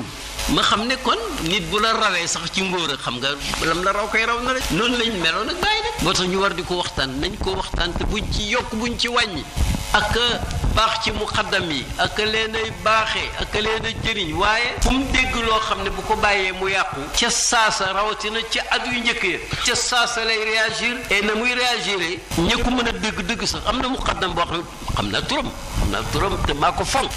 ma xam ne kon nit bu la rawee sax ci ngóor a xam nga lam la raw koy raw na la noonu lañ meloon ak bàyyi nag moo tax ñu war di ko waxtaan nañ ko waxtaan te buñ ci yokk bu ñu ci wàññi ak baax ci muqaddam yi ak leen ay baaxee ak leen ay jëriñ waaye fu mu dégg loo xam ne bu ko bàyyee mu yàqu ca saasa rawatina ci at yu njëkk ya ca saasa lay réagir et na muy réagir ña ko mën a dégg dëgg sax am na muqaddam boo xam ne xam naa turam te maa ko fonk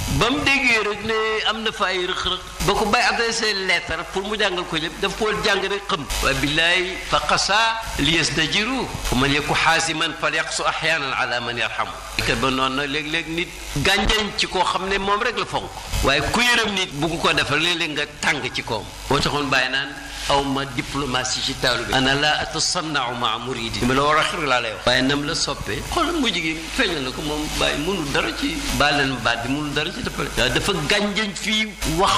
adressé lettre pour mu jàngal ko lépp dafa daf koo jàng rek xam wa billahi fa qasa li yasdajiru fa man yaku xaasiman fal yaqsu axyaanan ala man yarhamu kat ba noonu nag léeg-léeg nit gànjañ ci koo xam ne moom rek la fonk waaye ku yërëm nit buggu ko defal léeg-léeg nga tàng ci koom moo taxoon bàyyi naan aw ma diplomatie ci taalu bi ana laa atasannaau maa muridi li ma la war a xir laa waaye nam la soppee xoolal mujj gi feeñal na ko moom bàyyi mënul dara ci bi mënul dara ci dëppale dafa gànjañ fi wax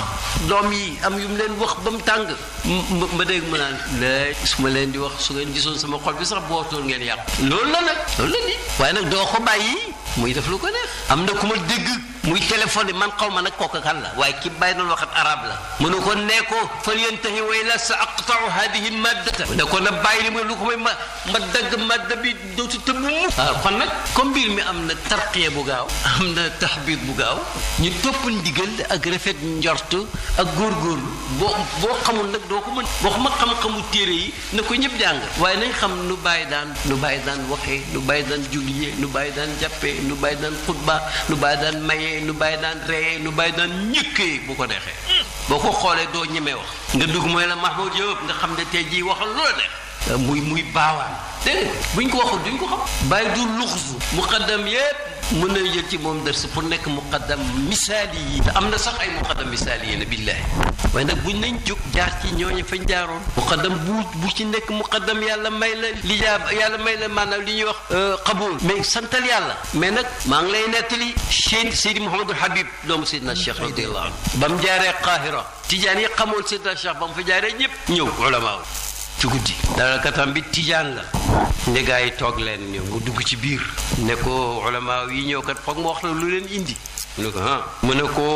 doom yi am yu mu leen wax ba mu tàng ma dégg mu naan lay su ma leen di wax su ngeen gisoon sama xol bi sax bu waxtoon ngeen yàqu loolu la nag loolu la ni waaye nag doo ko bàyyi muy def lu ko neex am na ku ma dégg muy téléphoné man xaw ma nag kooku kan la waaye ki bàyyi doon waxat arab la mënu ko nee ko fal yantahi wa illa sa aqtau hadihi maddata ne ko na bàyyi li mu lu ko may ma ma dagg madda bi dootu tëb mu waaw ah, kon nag comme mbir mi am na tarqiya bu gaaw am na taxbiir bu gaaw ñu topp ndigal ak rafet njort ak góor boo boo xamul nag doo ko mën ma xam-xamu téere yi na ko ñëpp jàng waaye nañ xam nu bàyyi daan nu bàyyi daan waxee nu bàyyi daan julliyee nu bàyyi daan jàppee nu bàyyi daan xutba nu bàyyi nu lu bàyyi daan ree lu bàyyi daan ñëkkee bu ko neexee boo ko xoolee doo ñemee wax nga dugg mooy la Mahmoud yëpp nga xam ne tey jii waxal lu la neex muy muy baawaan dégg buñ ko waxul duñ ko xam bàyyi du luxsu muqaddam yépp mën na jël ci moom dërs pour nekk muqaddam misaali yi te am na sax ay muqaddam misaali yi na billaahi waaye nag buñ nañ jóg jaar ci ñooñu fañ jaaroon muqaddam bu bu ci nekk muqaddam yàlla may la li jaab yàlla may la maanaam li ñuy wax euh, xabul mais santal yàlla mais nag maa ngi lay nettali Cheikh Seydi Mouhamadou Habib doomu Seydina Cheikh radiyallahu anhu ba mu jaaree Qahira tijaan yi xamoon Seydina Cheikh ba mu fa jaaree ñëpp ñëw ulama ci guddi dalakatam bi tijaan la ne yi toog leen ñëw mu dugg ci biir ne ko ulama yi ñëw kat foog mu wax la lu leen indi mu ne ko ah mu ne ko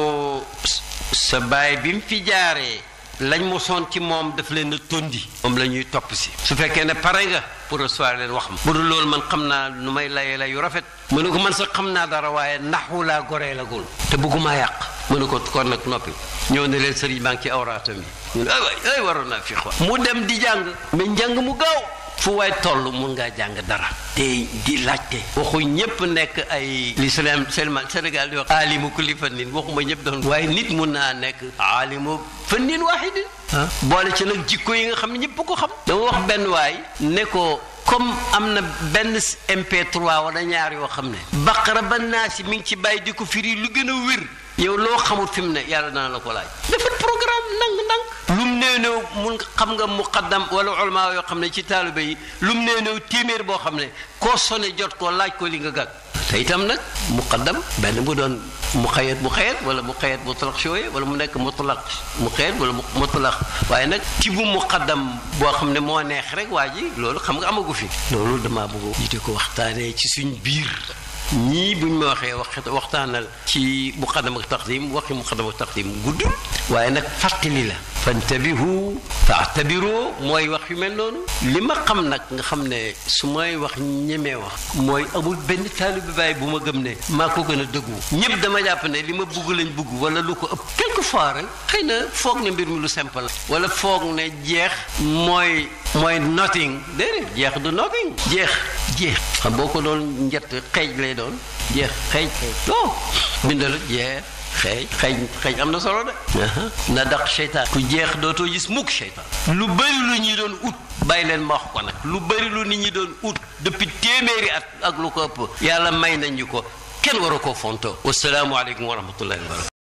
sa baay bi mu fi jaaree lañ mosoon ci moom daf leen a tondi moom la ñuy topp si su fekkee ne pare nga pour recevoir leen wax ma bu loolu man xam naa nu may layee yu rafet mu ne ko man sax xam naa dara waaye naxu laa goree la te bëgguma yàq mu ne ko kon nag noppi ñëw ne leen sëriñ baa ngi ci awraatam yi ñu ne waay ay waroon naa fi xwa mu dem di jàng mais njàng mu gaaw fu waay toll mun ngaa jàng dara te di laajte waxu ñëpp nekk ay li Sénégal Sénégal di wax aalimu kulli fannin waxuma ñëpp doon waaye nit mun naa nekk aalimu fannin waahidin boole ci nag jikko yi nga xam ne ñëpp ko xam dama wax benn waay ne ko comme am na benn MP3 wala ñaar yoo xam ne baqara ba naa si mi ngi ci bàyyi di ko firi lu gën a wér yow loo xamul fi mu ne yàlla dana la ko laaj defal programme ndànk-ndànk lu mu néew néew mun xam nga muqaddam wala ulama yoo xam ne ci taalibe yi lu mu nee néew téeméer boo xam ne koo sonne jot ko laaj ko li nga gàgg te itam nag muqaddam benn bu doon mu xayat mu xayat wala mu xayat mutlaq shooye wala mu nekk mutlaq mu xayat wala mutlaq waaye nag ci bu muqaddam boo xam ne moo neex rek waa ji loolu xam nga amagu fi loolu damaa bëgg ñu di ko waxtaanee ci suñ biir nii bu ñu ma waxee waxtaan waxtaanal ci muqaddam ak taqdim waxi muqaddam ak taqdim guddul waaye nag fàttali la fantabihu taatabiroo mooy wax yu mel noonu li ma xam nag nga xam ne su may wax ñemee wax mooy amul benn taalibe baay bu ma gëm ne maa ko gën a dëggu ñëpp dama jàpp ne li ma bugg lañ bugg wala lu ko ëpp quelquefois rek xëy na foog ne mbir mi lu simple walla foog ne jeex mooy mooy nothing déedéet jeex du nothing jeex jeex xam boo ko doon njet xeej lay doon jeex xeej non bindal jeex xeej xeej am na solo de na daq seytaan ku jeex dootoo gis mukk seytaan lu bëri lu ñuy doon ut bàyyi leen ma wax ko nag lu bëri lu nit ñi doon ut depuis téeméeri at ak lu ko ëpp yàlla may nañu ko kenn waru ko fontoo wasalaamualeykum wa rahmatullahi wa barakatu